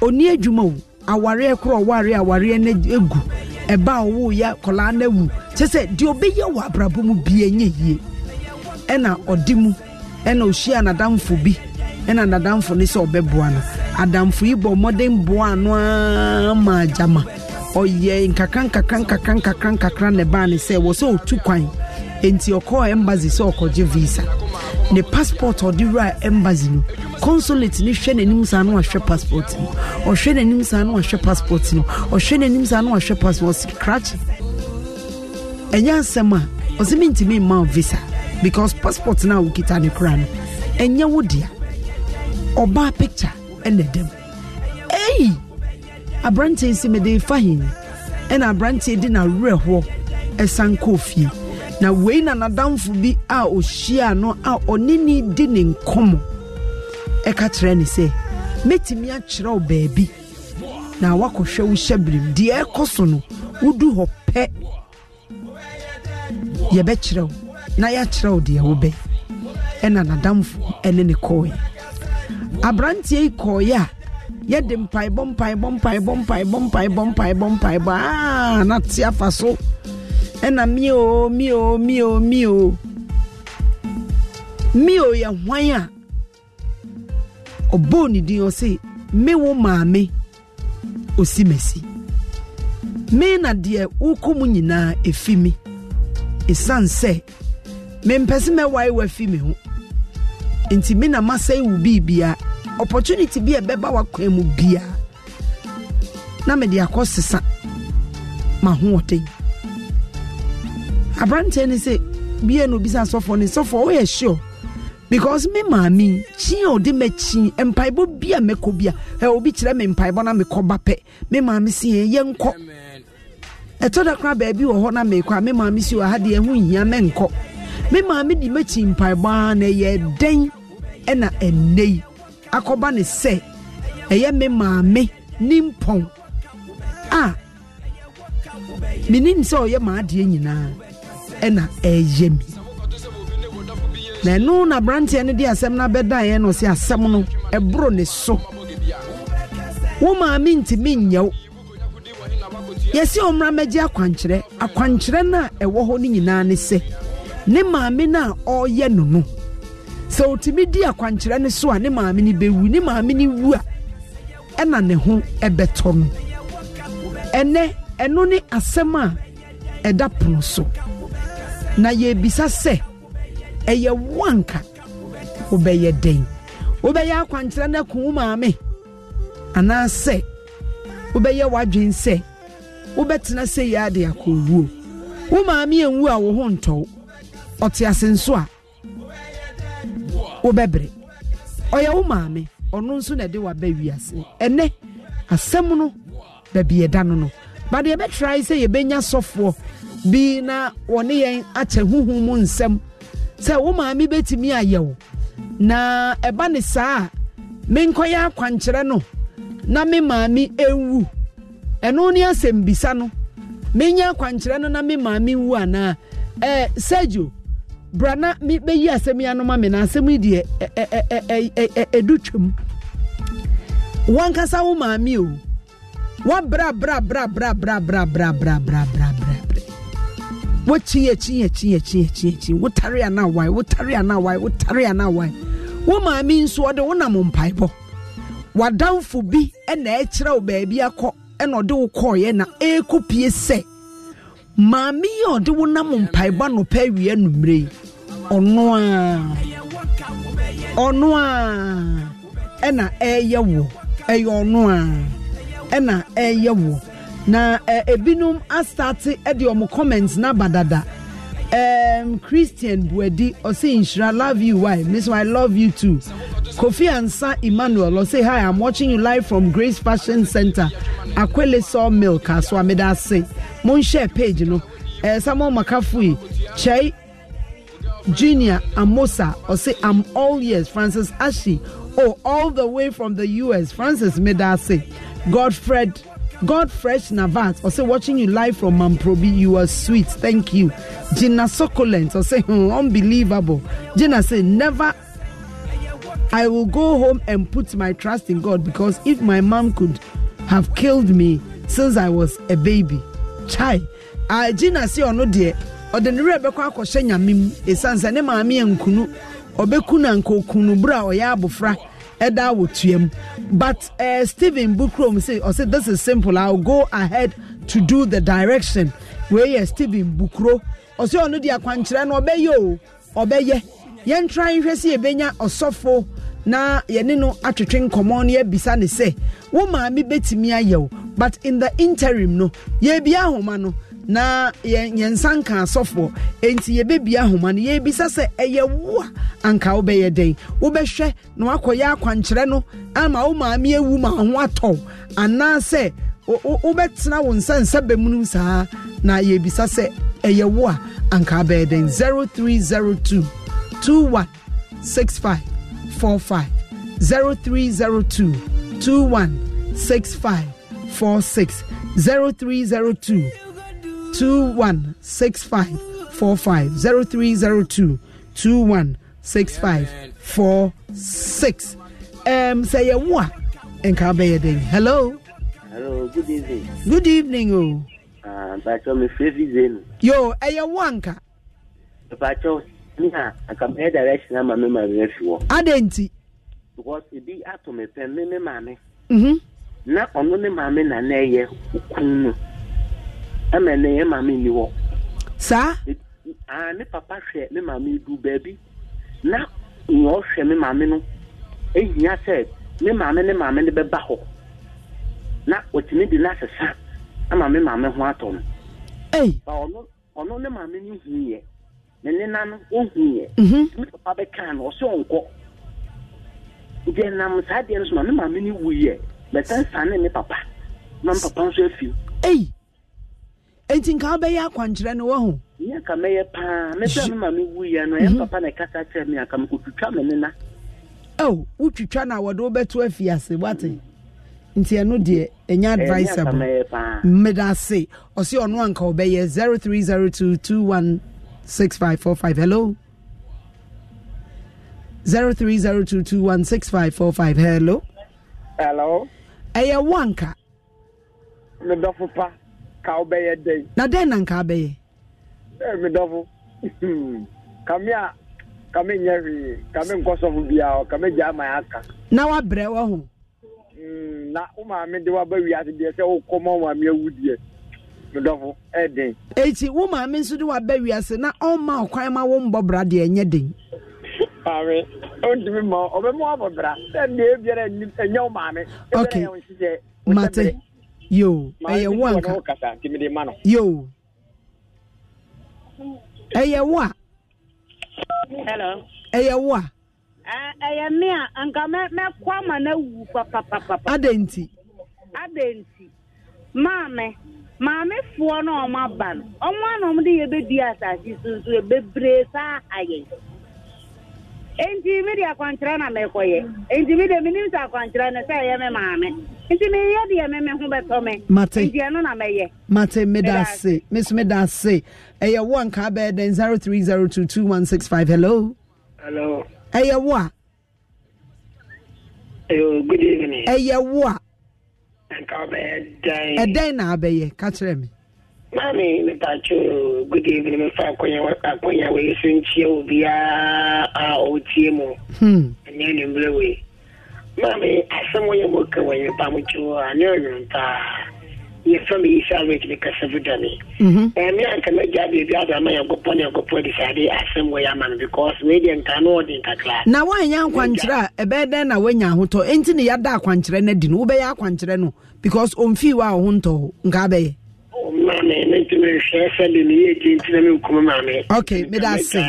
oni adwuma o awareɛ korɔ ɔware awareɛ no egu ɛba ɔwo ya kɔlaa no awu kyɛ sɛ deɛ ɔbɛyɛ wɔ abrabɔ mu bia nyɛ yie ɛna ɔde mu ɛna ohyia n'adamfo bi ɛna n'adamfo no sɛ ɔbɛboa no adamfo yi bɔ mmɔden boa no ara ma agyama. ɔyɛ nkakra nkakra nkakra nkakra nkakra ne ban ne sɛ wɔ sɛ ɔtu kwan nti ɔkɔɔ embassy sɛ ɔkɔgye visa ne passport ɔde wura embassy no consulate ne hwɛ n'anim saa na wahwɛ passport no ɔhwɛ n'anim saa na wahwɛ passport no ɔhwɛ n'anim saa na wahwɛ passport ɔsi krakye ɛnyɛ asɛm a ɔsi mi ntumi mma visa because passport na wokita ne kura no ɛnyɛ wo dea ɔbaa picture ɛna dɛm ɛyi. Hey! aberanteɛ nsi mede fa ɛna aberanteɛ de n'awerɛhoɔ ɛsan kɔɔ fie na wei na n'adamfo bi a ɔhyia no a ɔne ne di ne nkɔmmɔ ɛka kyerɛ ne sɛ mɛtumi akyerɛ wo baabi na wakɔhwɛ wo hyɛ berem deɛ ɛkɔ so no wodu hɔ pɛ yɛbɛkyerɛ wo na yɛakyerɛ wo deɛ wobɛ ɛna n'adamfo ɛne ne kɔɔeɛ aberanteɛ yi kɔɔeɛ a yɛde mpaebɔ mpaebɔ mpaebɔ mpaebɔ mpaebɔ mpaebɔ mpaebɔ aa ah, nate afa so ɛna mio mio mio mio mio yɛ hwan a ɔbɔɔ ne din ɔse me wo maame osi mesi. me na deɛ wokɔ mu nyinaa ɛfi me ɛsiane sɛ mempɛ sɛ mɛwae wafi me ho nti me na masɛe wo biribia opportunity bi a ɛbɛba wakwan mu biara na mede akɔ sesa mahoɔden aberanteɛ no sɛ bia na sa sɔfoɔ no sɔfoɔ woyɛ sure because me maame kyin a ɔde m'akyi mpaebɔ bi a mɛkɔ bi a obi kyerɛ me mpaebɔ na mekɔ ba pɛ me maame si yɛn yɛnkɔ ɛtɔ da kora baabi wɔ hɔ na mekɔ a me maame si wɔ ha deɛ ɛho nhia mɛnkɔ me maame de m'akyi mpaebɔ a na ɛyɛ dɛn ɛna ɛnɛ yi akɔba ne sɛ ɛyɛ me maame ne mpɔn a menim sɛ ɔyɛ maadeɛ nyinaa ɛna ɛyɛ mi na ɛno na aberanteɛ no de asɛm no abɛdaeɛ no sɛ asɛm no ɛboro ne so wo maame ntimi nyɛ wo yɛsi ɔmmra mɛgye akwankyerɛ akwankyerɛ no a ɛwɔ hɔ no nyinaa ne sɛ ne maame no a ɔreyɛ no no sɛ otumi di akwankyerɛ ne so a ne maame ni bɛwu ne maame ni wu a ɛna ne ho ɛbɛtɔ no ɛnɛ ɛno ne asɛm a ɛda pono so na yɛrebisa sɛ ɛyɛ wanka wobɛyɛ dɛn wobɛyɛ akwankyerɛ no ako wo maame anaasɛ wobɛyɛ w'adwene sɛ wobɛtena sɛ yɛ ade akɔwuo wo maame ɛnwu a wo ho ntɔw ɔte ase nso a wobɛbrɛ ɔyɛ wo maame ɔno nso na ɛde waba wiase ɛnɛ asɛm no baabi yɛda no no but yɛbɛtrae sɛ yɛbɛnya sɔfoɔ bi na wɔne yɛn akyɛ huhu mu nsɛm sɛ wo maame bɛtumi ayɛ wo na ɛba ne saa a menkɔyɛ akwankyerɛ no na me maame ɛnwu ɛno ne asɛmbisa no menya akwankyerɛ no na me maame nwu anaa ɛɛ eh, sergio bra na mebɛyi asɛm yi anoma me na asɛm yi deɛ ɛdu twam wankasa wo maame o wabrabrabrabrabrabrabrabrabrabrabra wokyiyɛkyiyɛkyiyɛkyiyɛkyiyɛkyi wotare ana wae wotare ana wae wotare ana wae wo maame nso ɔde wonam mpaebɔ wadamfo bi ɛna ɛkyerɛ wo baabi akɔ ɛna ɔde wo kɔɔyɛ na ɛkɔ pie sɛ maame yi ɔde wonam mpaebɔ anɔpa ɔno a ɔno a ɛna ɛyɛ wo ɛyɛ ɔno a ɛna ɛyɛ wo na ebinom asate ɛde wɔn comment na badada um, christian buedi ɔsɛ nhyira love you why miss i love you too kofi ansa emmanuel ɔsɛ hi i'm watching you live from grace fashion center akwele saw milk aso ameda ase mo n share page no uh, samuel makafui kyɛi Junior Amosa, or say I'm all years, Francis Ashi, oh, all the way from the US, Francis Medase, Godfred, Godfresh Navas, or say watching you live from Mamprobi, you are sweet, thank you. Gina Succulent, or say hmm, unbelievable. Gina say, never. I will go home and put my trust in God because if my mom could have killed me since I was a baby, chai, I ah, Gina say, oh no dear. ɔde ne werɛ bɛkɔ akɔhyɛ nyame mu ɛsiane sɛ ne maame yɛ nkunu ɔbɛku na nka okunu bere a ɔyɛ abofra ɛda awɔtua mu but uh, stephen bukrom say ɔsɛ this is simple i will go ahead to do the direction wei yɛ stephen bukuro ɔsɛ ɔno de akwankyerɛ no ɔbɛyɛ o ɔbɛyɛ yɛntra nhwɛ sɛ yɛbɛnya ɔsɔfo na yɛne no atwetwe nkɔmmɔ no yɛbisa ne sɛ wo maame bɛtumi ayɛ o but in the interim no yɛbia ahoma no na yɛn nsa nka asɔfoɔ enti yɛbɛbi ahoma no yɛbisa sɛ ɛyɛ wo a anka wobɛyɛ dɛn wobɛhwɛ na wakɔyɛ akwankyerɛ no ama wo maame awu ma ho atɔ anaasɛ wobɛtena wo nsa nsa bɛmunum saa na yɛbisa sɛ ɛyɛ wo a anka wobɛyɛ dɛn 0302 216545 0302 216546 0302 216545 0302 216546 um, sɛ yɛwo a nka bɛyɛ den hello Hello, good evening. Good evening, oh. Ah, Bàtọ́ mi fẹ́ fi zé nu. Yo, ẹ yẹ wọ nka. Bàtọ́ mi hàn, àkàmú ẹ direction ama mi ma bẹ fi wọ. Adé nti. Because ebi atọ mi pẹ mi mi Na ọ̀nù ni maame nà ẹ yẹ okun nu ɛmɛ ne yɛ maame ni wɔ. saa. E, aa ne papa hwɛ ne maame du baabi na nea ɔhwɛ ne maame no ehia sɛ ne maame ne maame ne bɛba hɔ na otumi di na asesa ama me maame ho atɔ no. ɛyi. ba ɔno ɔno ne maame ni hu yɛ ne nena no ohu yɛ. Mhm. ne papa bɛ kan no ɔsɛ ɔnkɔ nti ɛnam saa deɛ no so ma me maame ni wu yɛ bɛtɛn sa ne ne papa na me papa nso afi. ɛyi nti nka wobɛyɛ akwankyerɛ no wɔho nyɛ ka mɛyɛ paa mɛsɛ me ma me wuyɛ no ɛyɛ mhm. papa na ɛkasa kyerɛ me aka mekɔtwitwa me nena ɛo wotwitwa no a wɔde wobɛto afi ase wate nti ɛno deɛ ɛnyɛ advisable mmeda ase ɔse ɔno anka wobɛyɛ 0302216545 hello 0302216545 hello hello ɛyɛ wo anka medɔfo pa ka wobɛyɛ dɛn na dɛn na nka abɛyɛ me dɔfo kame a kame kame aka na wabrɛ wɔ ho mm, na wo maame de waba wiase deɛ sɛ wokɔ ma ewu maame awu deɛ me dɔfo eti ɛnti wo maame nso de waba na ma bra maame ma bra mate yo ɛyɛ eh, wo eh, eh, anka yo ɛyɛ wo a ɛyɛ wo a ɛyɛ me a anka mɛkɔ ama no awu nti nti maame maamefoɔ no no yɛbɛdi asase so nso saa ayɛ nti mede akwankyerɛ na mɛkɔyɛ nti mede menim sɛ akwankyerɛ no sɛ ɛyɛ me maame nti meyɛ deɛ me me ho bɛtɔ na mɛyɛ mate meda ase meda ase ɛyɛ wo anka hello a ɛyɛ wo na abɛyɛ ka kyerɛ naanị netachi good evening mfe akwanya wee si nchie obi ya a otie mu hmm. ɛne ne mmerɛ wei maame asɛm wɔyɛ mɔka wɔyɛ pamkyerɛ ane ɔnwom paa yɛfa me yi sɛ awet ne kasa vodane ɛme anka magya baabi ada ma yɛnkɔpɔ ama me because wei deɛ nka no ɔde nkakra na woanyɛ akwankyerɛ a ɛbɛyɛ dɛn na woanya ahotɔ ɛnti ne yɛda akwankyerɛ no adi no wobɛyɛ akwankyerɛ no because ɔmfii wɔ a ntɔ nka bɛyɛ Okay, ne ntumi nhwɛ sɛde ne yɛ gye nti na menkɔm maame ok meda ase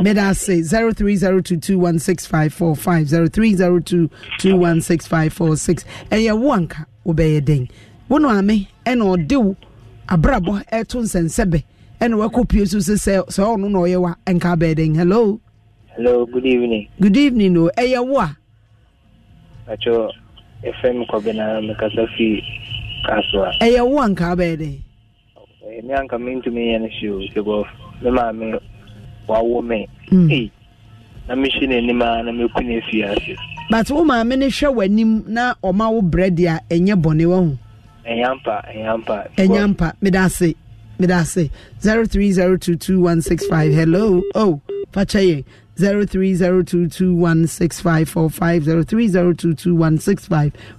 meda ase 0302216545 0302216546 ɛyɛ wo anka wobɛyɛ den wo no ame ɛna ɔde wo abrabɔ ɛto nsɛnsɛbɛ ɛna wakɔ pie so sɛ sɛ sɛ ɔno na ɔyɛ wa hello hello good evening good evening o ɛyɛ wo a FM ɛfɛ me kɔbɛ na mekasa fii kasoa ɛyɛ wo ɛmi anka mi ntumi yɛ no hyi o sebɔ me maame wawo me ee hmm. na mi hyi n'anim a na mi ku n'efi ase. but wo maame ne hwɛ w'anim na ɔma wo brɛ deɛ ɛnyɛ bɔne wɔ ho. ɛnyampa ɛnyampa. ɛnyampa meda ase meda ase zero three zero two two one six five hello oh fakyɛ yɛ. 0302216545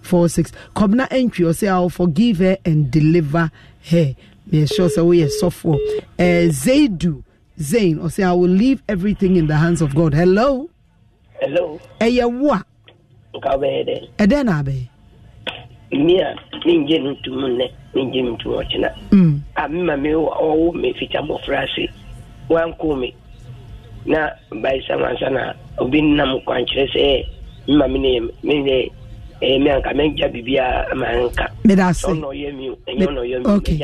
0302216546 kɔmna ɛntwi ɔsɛ a forgive her and deliver her we meɛsure sɛ for sɔfoɔ eh, zaidu zain say i will leave everything in the hands of god hello hello ɛyɛ wo a wobɛyɛ dɛ ɛdɛn na abɛyɛ me a mengye no ntom nnɛ mengye no ntom ɔkyena a mema me ɔwo me fita mmɔfra ase wankoo na bae sam ansa na obi nam kwankyerɛ sɛ ne ɛmɛ eh, anka mɛnkya biribia ama nka medase ɔnɔ yɛ mi ɛnyɛ ɔnɔ yɛ mi okay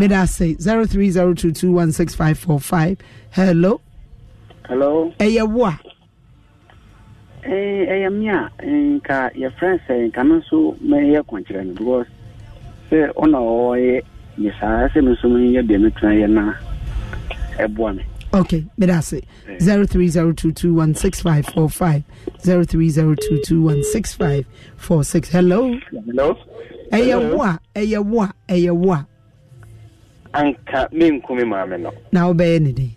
medase zero three zero two two one six five four five hello hello ɛyɛ wo a ɛyɛ me a nka yɛfrɛ sɛ nka no nso mɛyɛ kɔnkyerɛ no because sɛ ɔna ɔwɔ yɛ saa sɛ me nso menyɛ deɛ metena yɛ na ɛboa e me okay meda ase 0302216545 0302216546 hello ɛyɛ wo a ɛyɛ wo a ɛyɛ wo a anka menkumi maame no na wobɛyɛ ne den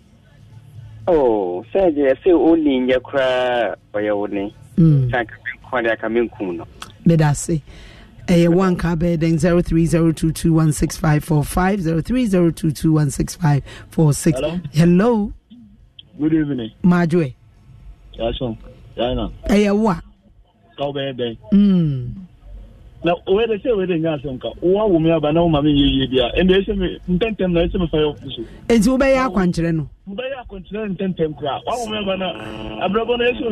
oh sɛ deɛ sɛ ɔni nyɛ koraa ɔyɛ wo ne sɛ anka menkɔde aka menkum no meda ase ɛyɛ one car bɛyɛ dɛn zero three zero two two one six five four five zero three zero two two one six five four six. hello. hello. good evening. maajoe. yasun yaina. ɛyɛ wa. kaw bɛyɛ bɛn. Mm. na they yɛrɛ sɛ o yɛrɛ nya asɛm kan o wa wo mi aba na o ma mi yeye bi a ɛnna ɛsɛ mi ntɛntɛn na ɛsɛ mi fa yɛ ɔfu so. eti o bɛ yɛ akwankyerɛ no. n bɛ yɛ akwankyerɛ ntɛntɛn kura wa wo mi aba na abirabɔ na ɛsɛ o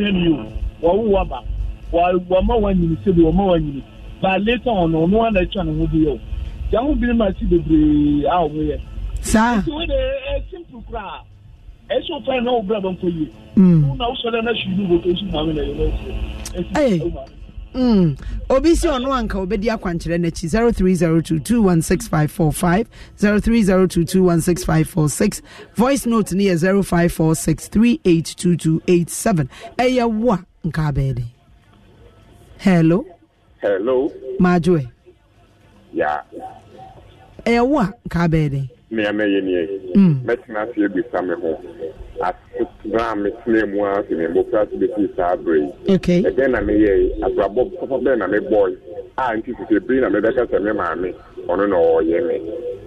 but later on ɔno ɔno ɛtwa ne ho bi yɛ o yɛn ho binom ati bebree a wɔn yɛ. saa nti wo de ɛ simple kura ɛsɛ o fain na o bira bɛ nkɔ yie. na wosɔ dɛ na su yi wo ko su maame na yɛlɛ ɛsɛ ɛsɛ obi si ɔno anka obedi akwankyerɛ n'akyi zero three zero two two one six five four five zero three zero two two one six five four six voice note ni yɛ zero five four six three eight two two eight seven ɛyɛ wo a nka abɛɛ hello. Hello. Majue. Ya. Ɛyɛ wo a nka ni mm. Mɛtena ase ebisa mi ho. Asetena a metena mu a fi na mbɔ kura saa abiri yi. Ɛdɛn na meyɛ abrabɔ bɛn na mebɔ a nti sise na mebɛka sɛ me maame, ɔno na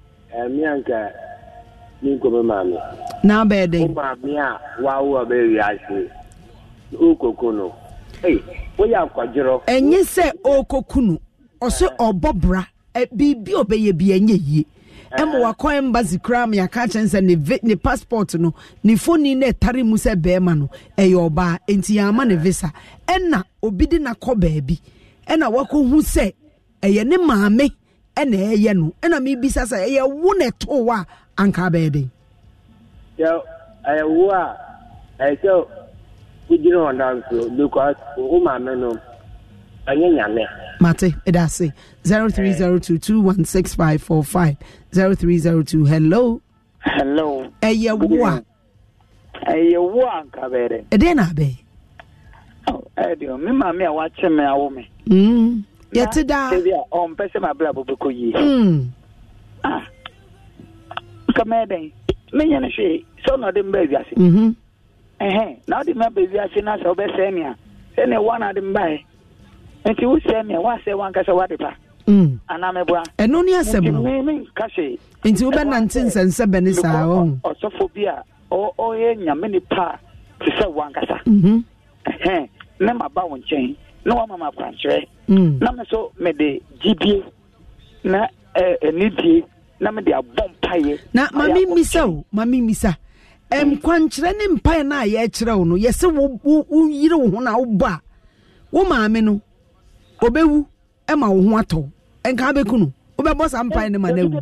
ɛmi eh, anka mi nkɔmɛ maame. n'a bɛ den. o oh, maami a w'awo a bɛ wi ase o koko no ee o y'a kɔjɔrɔ. ɛnyɛ sɛ o ko kunu ɔsɛ ɔbɔ bra biribi e o bɛ yɛ bi ɛnyɛ e, yie. ɛmu e eh. wakɔ embassy koraa mi aka kyɛn sɛ ne ve ne passport no ne foni eh. na ɛtare mu sɛ bɛrima no ɛyɛ ɔbaa nti yɛn ama ne visa ɛna obi de na kɔ baabi ɛna wakɔ hu sɛ ɛyɛ ne maame. ɛna ɛyɛ no ɛna mebisa sɛ ɛyɛ wo na ɛtoo a anka bɛyɛ den ɛyɛ wo a ɛyɛ sɛ wogyina hɔ da nso because wo maame no ɛnyɛ nyame mate ɛda ase zero two hello hello ɛyɛ wo a ɛyɛ wo a anka bɛyɛ den ɛdeɛ na abɛyɛ ɛdeɛ me maame a wakyɛ me awo me mm. yɛte daa ɔmpɛ sɛ hmm. ah dɛn menyɛ hwee sɛ ɔna ɔde mba ewiase mhm. ɛhɛn na na sɛ ɔbɛsɛɛ mia a na ɔde mba nti wosɛɛ mia wasɛɛ wankasa wade pa hmm. anamɛboa ɛno ne asɛm no hwee nti wobɛnante nsɛnsɛ bɛne saa ɔ ɔsɔfo bi a ɔyɛ nyame nipa te sɛ wankasa mhm. ne wo nkyɛn na wama m akwankyerɛ mm. na me nso mede gyibie na eh, anidie na mede abɔ mpaeɛ na mame mmisa o mame mmisa nkwankyerɛ ne mpaeɛ no a yɛkyerɛ wo no yɛsɛ woyere wo ho na a wobɔ a wo maame no ɔbɛwu ma wo ho atɔ nka wobɛku no wobɛbɔ saa mpaeɛ no ma no awu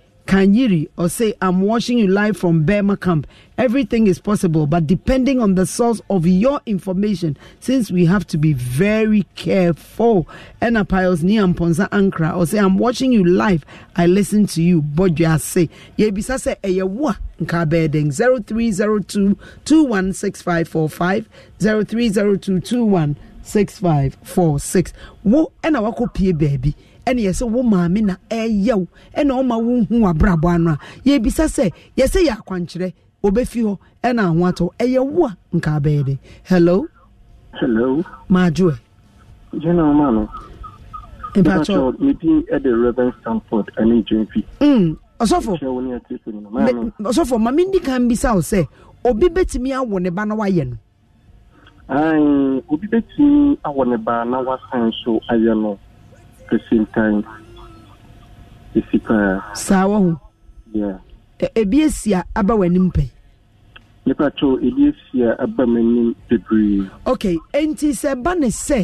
Kanyiri or say, I'm watching you live from Burma camp. Everything is possible, but depending on the source of your information, since we have to be very careful. Ena a pious Niam Ankra or say, I'm watching you live. I listen to you, but you are say, Yebisa say, Eyewa, Nkabeding, 0302 216545, 0302 216546. Wo, ena wako walk baby. ɛna yɛsɛ wo maame na ɛyɛ wo ɛna ɔma wo hu abrabɔ ano a yɛbisa sɛ yɛsɛ yɛ akwankyerɛ obɛfi hɔ ɛna aho atɔ ɛyɛ wo a nka abɛyɛ de hello hello maajoe general ma no mpakyɛ mebi ɛde reverend stanford ɛne jemfi mm, ɔsɔfo ɔsɔfo ma mendi kan bisa wo sɛ obi bɛtumi awo ne ba na wayɛ no obi bɛtumi awɔ ne ba na wasan so ayɛ no the same time the super. Uh, saa yeah. E, ebi esi aba wɔ anim nipa tó ebi esi a aba wɔ anim okay nti sɛ ba ne sɛ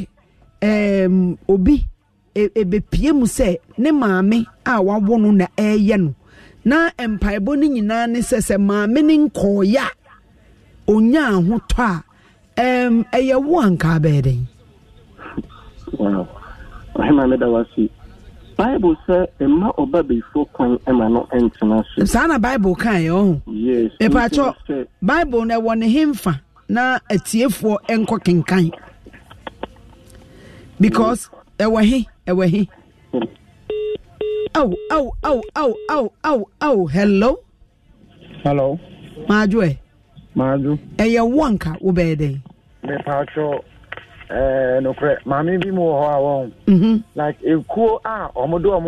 ɛɛm obi e, ebepie mu sɛ ne maame a wawo no na ɛɛyɛ no na mpaebɔ no nyinaa ne sɛ sɛ maame ne nkɔɔyɛ a onyaa ho tɔ a ɛɛm ɛyɛ wo ankaa bɛɛ den. wow ɔhema meda wase bible sɛ mma ɔba bɛyifoɔ kwan ma no ntena so saa na bible kaeɛ ɔho mepakyɛ bible no ɛwɔ ne hemfa na atiefoɔ nkɔ kenkan because ɛwɔ he ɛwɔ he aw aw aw aw aw aw aw hello hello maadwo ɛ maadwo ɛyɛ wɔ nka wobɛyɛ dɛn mepakyɛ Eh, nokorɛ maame bi mu wɔ hɔ a mhm. like ekuo a de ho bɛkɔ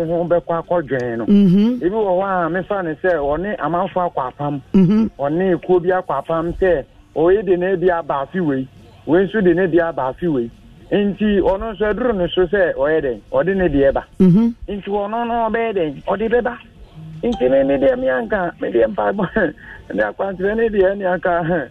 mhm. ebi wɔ a mefa ne sɛ ɔne amanfo akɔ apam mhm. ɔne ekuo bi akɔ apam sɛ ɔyɛ de ne bi aba afi wei wei nso de ne bi aba afi wei nti ɔno nso aduru ne so sɛ ɔyɛ dɛ ɔde ne deɛ ba nti no ɔbɛyɛ dɛ ɔde bɛba nti ne ne deɛ ne deɛ ne akwantere ne deɛ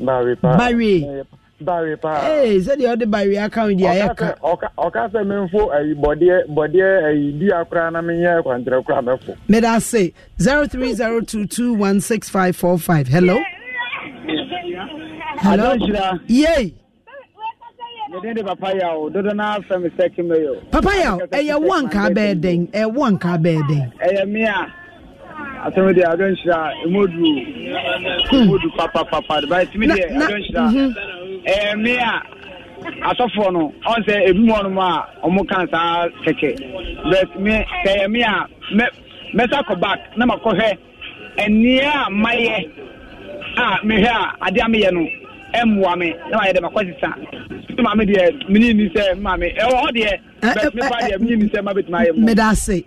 Barry pa. Barry. Eh, Barry pa. Hey, eh, is that the other Barry account dia ya ka. Oka se menfo ayi eh, bodie bodie ayi dia kra na menye kwantre kra mefo. Me da say 0302216545. Hello. Hello. Yay. Mede papaya o dodo na afɛ me sɛ kimɛ yo. Papaya o ɛyɛ wɔn nka bɛɛ den ɛyɛ wɔn nka bɛɛ den. Ɛyɛ mi a. asɛm deɛ adɔnhyira ɛmu du ɛmu du bai ba deɛ adɔnhyira mhm. eh, a asɔfoɔ no ɔn sɛ ebi mu ɔnom a ɔmo kan saa kɛkɛ but me sɛ a mɛ mɛsa kɔ na ma kɔ a mayɛ a mehwɛ a adeɛ a meyɛ no ɛmmoa me na mayɛ ma sisa maame deɛ ni sɛ maame ɛwɔ hɔ deɛ pa deɛ ni sɛ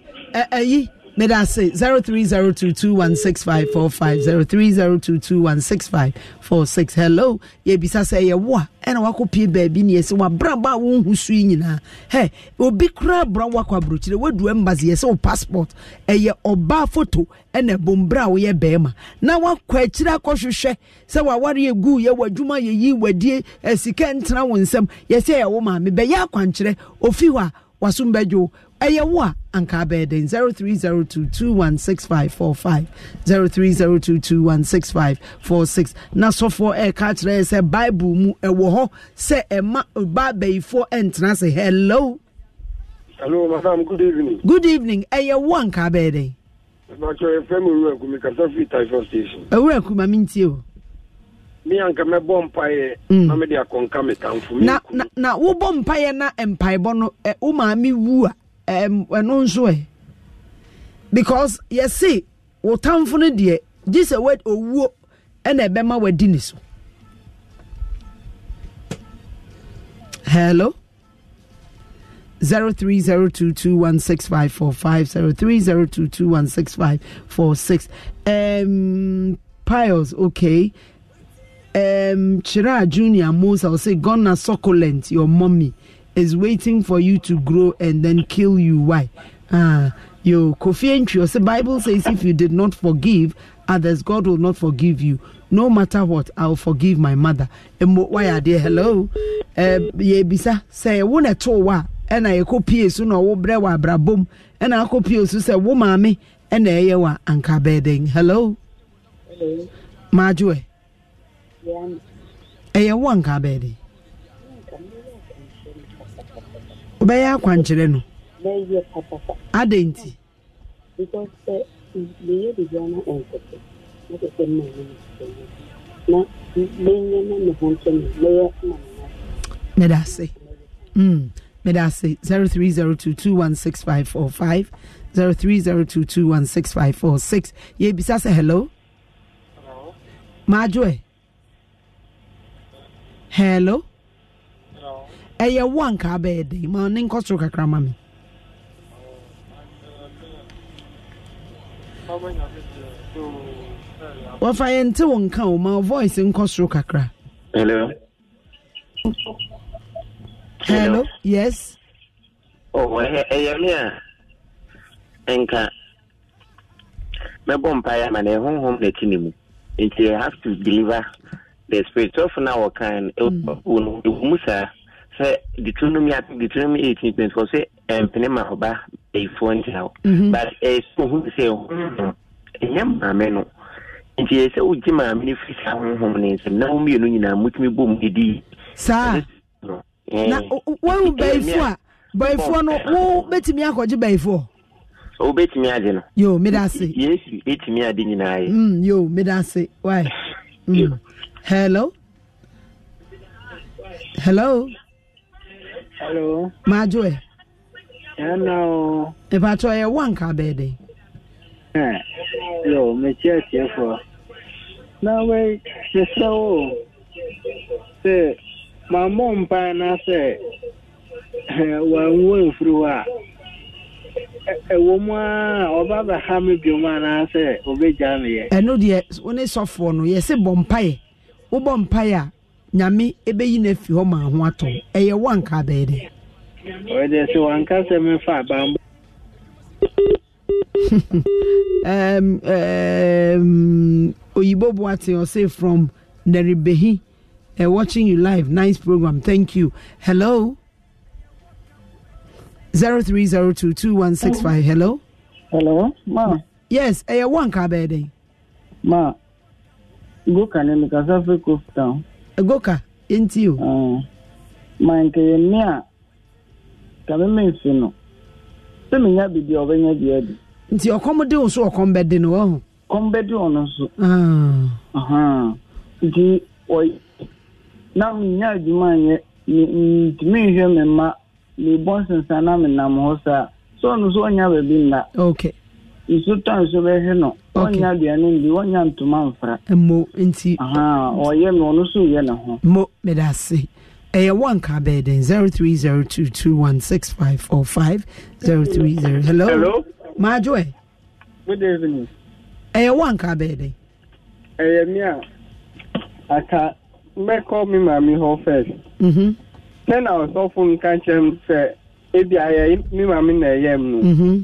ayɛ meda ase 0302216545 0302216546 hello yɛbisa sɛ ɛyɛ wo a ɛna wakɔpie baabi ne yɛsɛ wabraba a wonhu so yi nyinaa hɛ obi kora bra wakɔ aburokyire woadua mbase yɛsɛ wo passport ɛyɛ e ɔbaa foto ɛna ɛbombrɛ a woyɛ bɛrima na wakɔ akyire akɔhwehwɛ sɛ waware ɛgu yɛ w'adwuma yɛyi wadie asika e ntena wo nsɛm yɛsɛ ɛyɛ wo maame bɛyɛ akwankyerɛ ɔfi hɔ a wasom bɛdwo ɛyɛ wo a anka abɛɛ den 0302216545 0302216546 na sɔfoɔ ɛka eh, kyerɛ sɛ bible mu ɛwɔ hɔ sɛ ɛma ba abayifoɔ ɛntena eh, se hello hello madam good evening good evening ɛyɛ wo anka abɛɛ den ɛbɛkyɛ ɛfɛ mu owura kumi kasa fii typhoid station owura eh, kuma mi ntie o me anka mɛbɔ mpaeɛ na mede akɔnka me tamfo na na wobɔ mpaeɛ na empire bono wo maame wu a ɛm ɛno nso ɛ because yɛsi wò tamfo no deɛ gye sɛ wɔ owuo ɛna ɛbɛma w'adi ne so hello. 0302216545 0302216546 um piles okay um chira junior Mosa, will say ghana succulent your mommy is waiting for you to grow and then kill you. Why? Ah, you Kofi Entry, the Bible says if you did not forgive others, God will not forgive you. No matter what, I'll forgive my mother. Why are they? Hello? Eh, Yebisa, say, bisa not at all. ɛna yɛkɔ pie so na ɔwo brɛ wɔ abrabom ɛna akɔ pie so wo anka bɛɛdɛn hello maajoɛ ɛyɛ wo anka bɛɛdɛn wobɛyɛ akwankyerɛ no bɛyɛ patata adɛn nti because sɛ meyɛ biribia no ɛnkɛtɛ na sɛ sɛ mma no na mɛnyɛ na me ho nkyɛ me mɛyɛ ma meda ase meda ase 0302216545 0302216546 yɛbisa sɛ hello maadwoɛ hello ɛyɛ wo anka bɛyɛ dɛn ma ne nkɔ soro kakra ma me wɔfa yɛnte wo nka wo ma voice nkɔ soro kakra hello hello yes oh, ɛyɛ me a nka mɛbɔ mpaeɛ ama na ɛhonhom na ɛti ne mu nti have to deliver the spirit sɔfo no a wɔkan ɛwɔ mu saa sɛ deuteronomy i think deuteronomy eighteen twenty four sɛ ɛmpene ma ɔba ɛyifoɔ ntina o mhm. but ɛsɛ eh, ohun sɛ ɔhun ɛnyɛ maame no nti ɛsɛ ogye maame no firi saa honhom ne nsɛm na wɔn mmienu nyinaa mutumi bɔ mu didi. saa eh. na wɔn bɛyifoɔ a bɛyifoɔ no wɔn bɛtumi akɔgye bɛyifoɔ. wobɛtumi agye no yo meda ase yesu ɛtumi ade nyinaa yɛ mm, yo meda ase why mm. hello hello hello. maajo ɛ. ɛnna o. ìpàtọ́ ẹ̀ wọ́n nǹkan abẹ́ẹ̀ dẹ̀. ẹ yọ mẹtí ẹtì ẹ fọ náà wẹ́ẹ́ ṣiṣẹ́ o ṣe màá mọ̀ mpa náà ṣe wàá ń wọ ìfuru wa ɛwɔ mu a ɔba bɛha me bio mu anaasɛ ɔbɛgya meyɛ ɛno deɛ wo ne sɔfoɔ no yɛse bɔ mpaeɛ wobɔ mpaeɛ a nyame ɛbɛyi no afi hɔ ma ho atɔ ɛyɛ wanka bɛyɛ dɛ ɔde sɛ wanka sɛ mefa abammɔ um, um, oyibo buate ɔse from naribehi uh, watching you live nice program thank you hello 03022165 hello hello ma yes ɛyɛ wanka bɛyɛ dɛ ma go kane mekasa fɛ cof town egoka enti o. ma nke ya nne a ka mmemme nsi no sị m nya bibi ọ bụ nya bi ebi. nti ọkọm dị nso ọkọ bụ dị n'ụwa. ọkọ bụ dị nọ nso. Ah. nti ọ na m nya adwuma anyị ntumi nhwe m mma na ịbọ nsensana m nam hụ saa so ọ nọ nso ọnya beebi nna. okay. nsutɔ nsɛbɛhwɛ no wɔnya aduane ndi wɔnya ntoma mfra eh, mo nti ɔyɛ no ɔno so yɛ ne ho mo mede ase ɛyɛ wɔ nka bɛɛ den 0302216545 hello, hello? maadwo ɛ good evening ɛyɛ wɔ nka bɛɛ den ɛyɛ me a aka mɛkɔ me maame hɔ first mm-hmm. sɛ na ɔsɔfo nka nkyerɛ sɛ ebi ayɛ me maame na ɛyɛ m mm-hmm.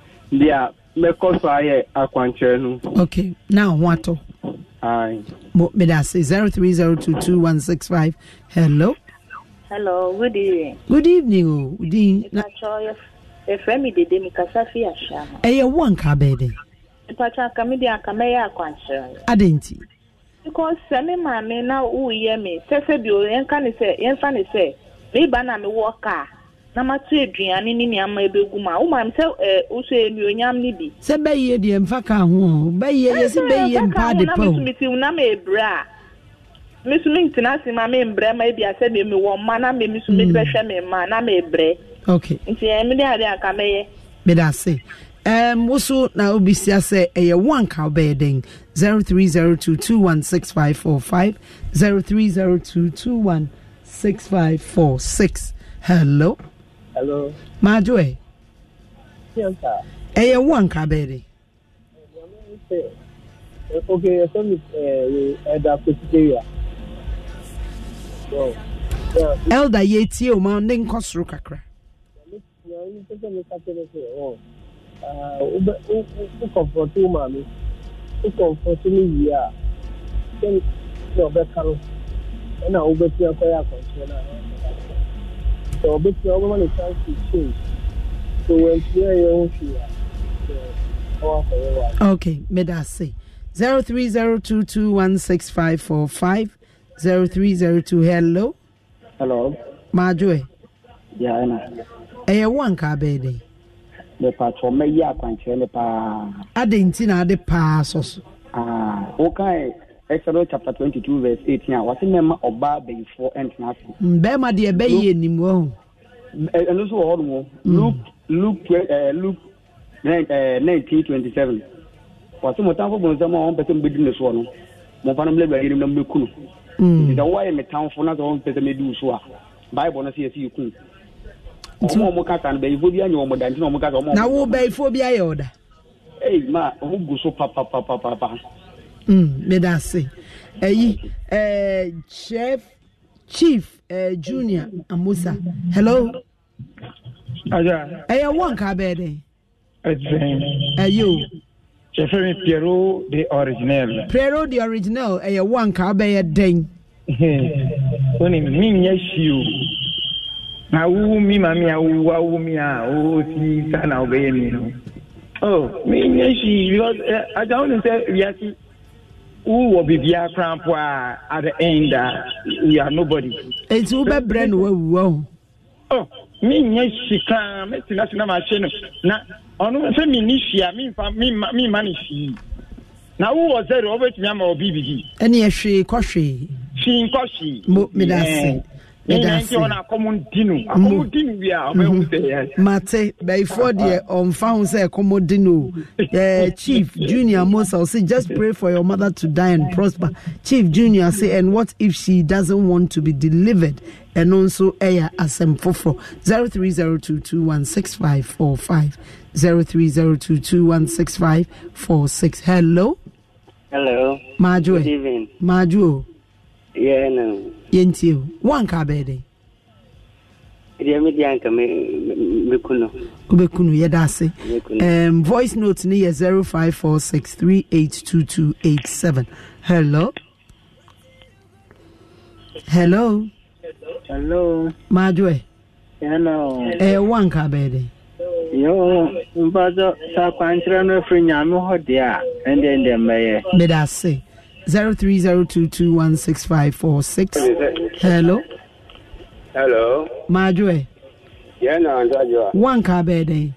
deɛ mɛkɔ so ayɛ akwankyerɛ no okay na ho atɔ meda ase 03022165 hello hello good evening good evening o oh. din ɛfrɛ me dede mekasa fi ahwɛ no ɛyɛ wo anka bɛɛ dɛn mpakyɛ anka mede anka mɛyɛ akwankyerɛ adɛ nti because sɛ me maame na woyɛ me sɛ sɛ bio yɛnka ne sɛ yɛmfa ne sɛ meba na mewɔ kaa na matu aduane ne nneɛma ebegu mu a wo maame sɛ ɛɛ eh, woso enuonyam ne bi. sɛ bɛyie deɛ nfa ka ho o bɛyie yɛsi bɛyie mpa de pa o. ɛsɛ ɛsɛ na mi ebrɛ a mi so mi ntena si ma mi mbrɛ ma ebi asɛ mi mi wɔ hmm. mma na mi mi so mi bɛhwɛ mi mma na mi brɛ. ok nti ɛmi eh, de ade aka mɛyɛ. meda ase ɛɛm woso na obi si asɛ ɛyɛ one ka ɔbɛyɛ den zero three zero two two one six five four five zero three zero two two one six five four six hello. Hello. Majo ẹ. Yes, ẹ yẹ wọ nkà bẹẹ de. ok ẹ sọ mi ẹda kòtìkéyà. elda yẹ etie o ma ne nkọ soro kakra. wọ́n kọ̀ǹfọ̀tì maami wọ́n kọ̀ǹfọ̀tì mi yìí a ṣé ọbẹ̀ kan ẹ̀ na wọ́n bẹ tí ẹ kọ́ yà kọ̀ǹfọ̀tì náà sɛ ɔbɛtumi ɔbɛma ne chance to change so wɔantua yɛ ho hwee a ɔwakɔyɛ wa okay meda ase 0302216545 0302 hello hello maadwoe yeah, ɛyɛ wo anka bɛɛ dɛn mepatɔ mɛyɛ akwankyerɛ ne paa adɛn nti na ade paa sɔ so wokae exodus chapter twenty two verse eighteen a wɔsi mɛma ɔbaa bɛyifoɔ ɛntena ase. bɛrima deɛ bɛyi yɛ nim wɔ. ɛno nso wɔ hɔ nom luke luke ɛɛ eh, luke ɛɛ eh, nineteen twenty seven wɔsi mo tanfo bɔn nsɛm a wɔn pɛ sɛ mo bɛ di ne soɔ no mo fa no mo lɛ wura yɛrɛ mu na mo bɛ kunu. nti sɛ wɔayɛ mi tanfo na sɛ wɔn pɛ sɛ mo di o so a baibul no sɛ yɛ si yɛ kun. ɔmo a wɔn kasa no bɛyifoɔ bi anyɛ wɔn da nti na wɔn kasa ɔmo a wɔn. wo bɛyifoɔ bi ayɛ ɔda. ɛyi maa ɔmo Mm, meda ase ɛyi eh, eh, chef chief eh, junior amusa hello. aja. ɛyɛ wɔn nka bɛɛ dɛ. ɛdzen. ɛyi o. sɛfɛ mi piero de original. piero de original ɛyɛ wɔn nka bɛyɛ dɛn. o ni mi n yɛ si o na awu mi ma mi awu awu mi a o ti sa na o bɛ yɛ mi o oh, mi n si because eh, aja o ni sɛ wiasi wowɔ biribiara kora mpo a at the end a uh, you are nobody enti wobɛbrɛ no woawuwa ho oh, menyɛ sika mɛtena se na mahyɛ no na ɔno sɛ menni hwie a memma no hwii na wowɔ zero wobɛtumi ama wɔ biribidi ɛne ɛhwee kɔhwee hwii nkɔhwee mo medase mate bɛifoɔ deɛ ɔmfa ho sɛ ɛkɔmmɔ o chief junior mosa ɔse just pray for your mother to die and prosper chief junior say and what if she doesn't want to be delivered ɛno nso ɛyɛ asɛm foforɔ 0302216545 0302216546 hello hello majo majo yeah, no. yɛntie o woanka bɛɛ dɛn deɛ mede anka mɛku no wobɛku no yɛda ase um, voice note no yɛ 0546382287 hello hello hello madwe ɛyɛ eh, woanka bɛɛ dɛn yoo mpatɔ sɛ akwankyerɛ no afiri nyame hɔ deɛ a ɛndɛndɛ mmɛyɛ meda ase zero three zero two two one six five four six. hello. hello. maaju Yeah, no, I'm anta One a. Eh? wọn kà bẹẹ dẹ.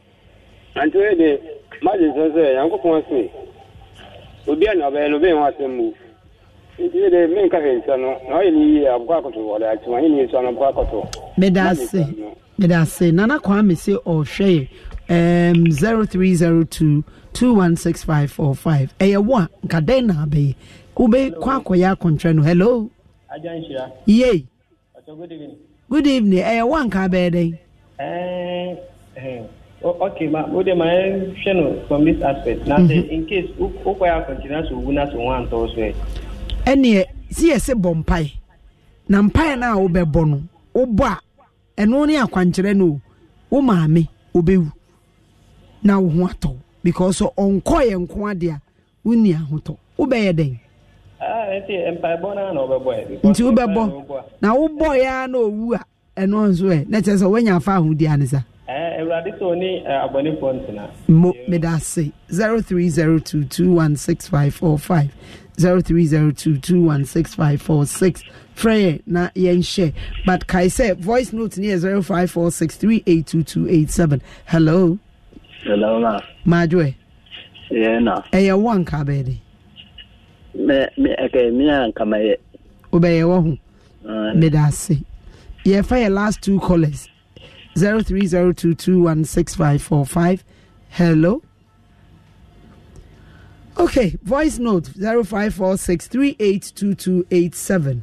àǹtí wẹ́ẹ́ de májèlé sọ́sẹ̀ yàn kó fún wọn sùn obi ẹ̀ nà ọbẹ̀ ẹ̀ obi ẹ̀ wọn sẹ́ mu nti no na ọ̀yẹ̀ ni yíyẹ àbúkọ àkọ́tọ̀ ọ̀dà àti wọn yẹ̀ ni nsọ àbúkọ àkọ́tọ̀. mẹ́dà ase mẹ́dà ase nana kwame sẹ́ ọ̀hwẹ́ yẹ um, 0302 216545 ɛyɛ wo a nka na abɛyɛ ube kwakọ ya akọntrẹ no hello. ajá n ṣira. good evening. good evening ẹ yẹ wá nǹkan okay ma o de ma ẹ eh, ṣe no from this aspect na say mhm. in case o kọ ya akọntrẹ na so owu na so wọn àtọ so ẹ. ẹni ẹ eh, si ẹ sẹ bọ mpae na mpae náà o bẹ bọ no o bọ a ẹnu ní akwankyerẹ no o maame o bẹ wu na o ho atọ because ọnkọ yẹ nko adeɛ a o ní ahotọ o bẹ yẹ dẹ́yìn. Ah, eh, eh, nti wobɛbɔ na wobɔeɛ a na ɔwu a ɛno nso ɛ na kyerɛ sɛ woanya afa ahodi ane sa eh, awurade sɛ ɔne abɔnefoɔ ntena mo meda ase 0302216545 0302216546 frɛ yɛ na yɛnhyɛ but kae sɛ voice note ne yɛ 0546382287 hello hello ma madwoɛ ɛyɛ wo anka bɛɛde nkamɛyɛ wobɛyɛ wɔ ho meda ase yɛfa yɛ last two callers 0302216545 hello okay voice note 0546382287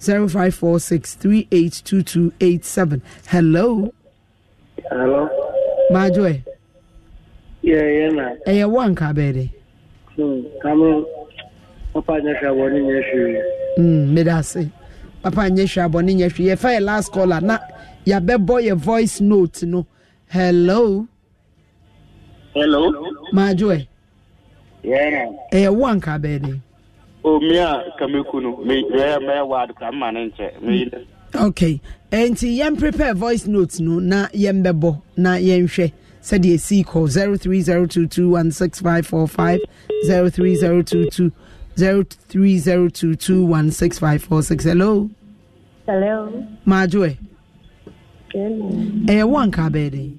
0546382287 hello hello majoe yeah, yeah, ɛyɛ wo anka bɛɛde hmm, papa nyɛ hwɛ abɔne nyɛ hwee mmeda mm, ase papa nyɛ hwɛ abɔne nyɛ hwee yɛfa yɛ last caller na yɛabɛbɔ yɛ voice note no hello hello maajoe yeah. ɛyɛ wo anka bɛɛ de omi a kameku no meyɛ mɛyɛ ward kra mma ne nkyɛ okay nti yɛn prepare voice note no na yɛn bɛbɔ na yɛn hwɛ sɛdeɛ esi kɔ zero three zero two two one six five four five zero three zero two two. 0302216546 hello hello maajue ɛyɛ wo anka bɛɛ den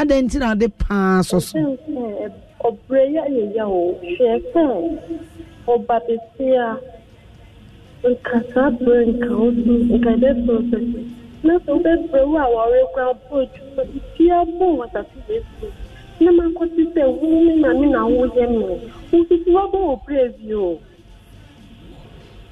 adɛn nti na ade paa sɔ so ɔbrɛ yɛ ayɛyɛ o hwɛ sɛ ɔba bɛsia nkasaa brɛ nka wo so nkadɛ so sɛ na sɛ wobɛbrɛ wo a wɔrekora bɔɔ dwuma bia bɔ wɔ sase bɛsi na ma nkɔsi sɛ wo ne maame na woyɛ mmerɛ wosisi wabɔ wɔ berɛ bi o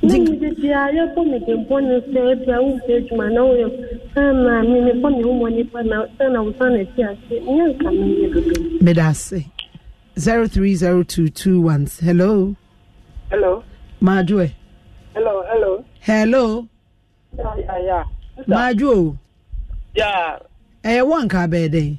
na mede bia yɛbɔ mede bɔne sɛ bia wowɛ adwuma na woyɛ sana memebɔ me womɔ nipa na sana wosana asi ase nyɛ nka menyɛ dodo mede ase 0302221 hello hello maadwoɛ e. hello hello hello yeah, yeah, yeah. maadwo o yeah. ɛyɛ wɔ nka bɛɛ dɛn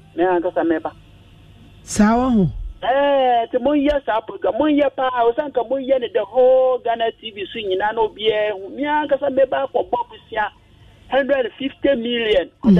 me ankasa meba saa wɔ ho Eh, ti mo yɛ saa program mo yɛ paa o san ka mo yɛ ne the whole ghana tv so nyinaa na obiɛ mi ankasa meba akɔbɔ busia hundred fifty million. Mm -hmm.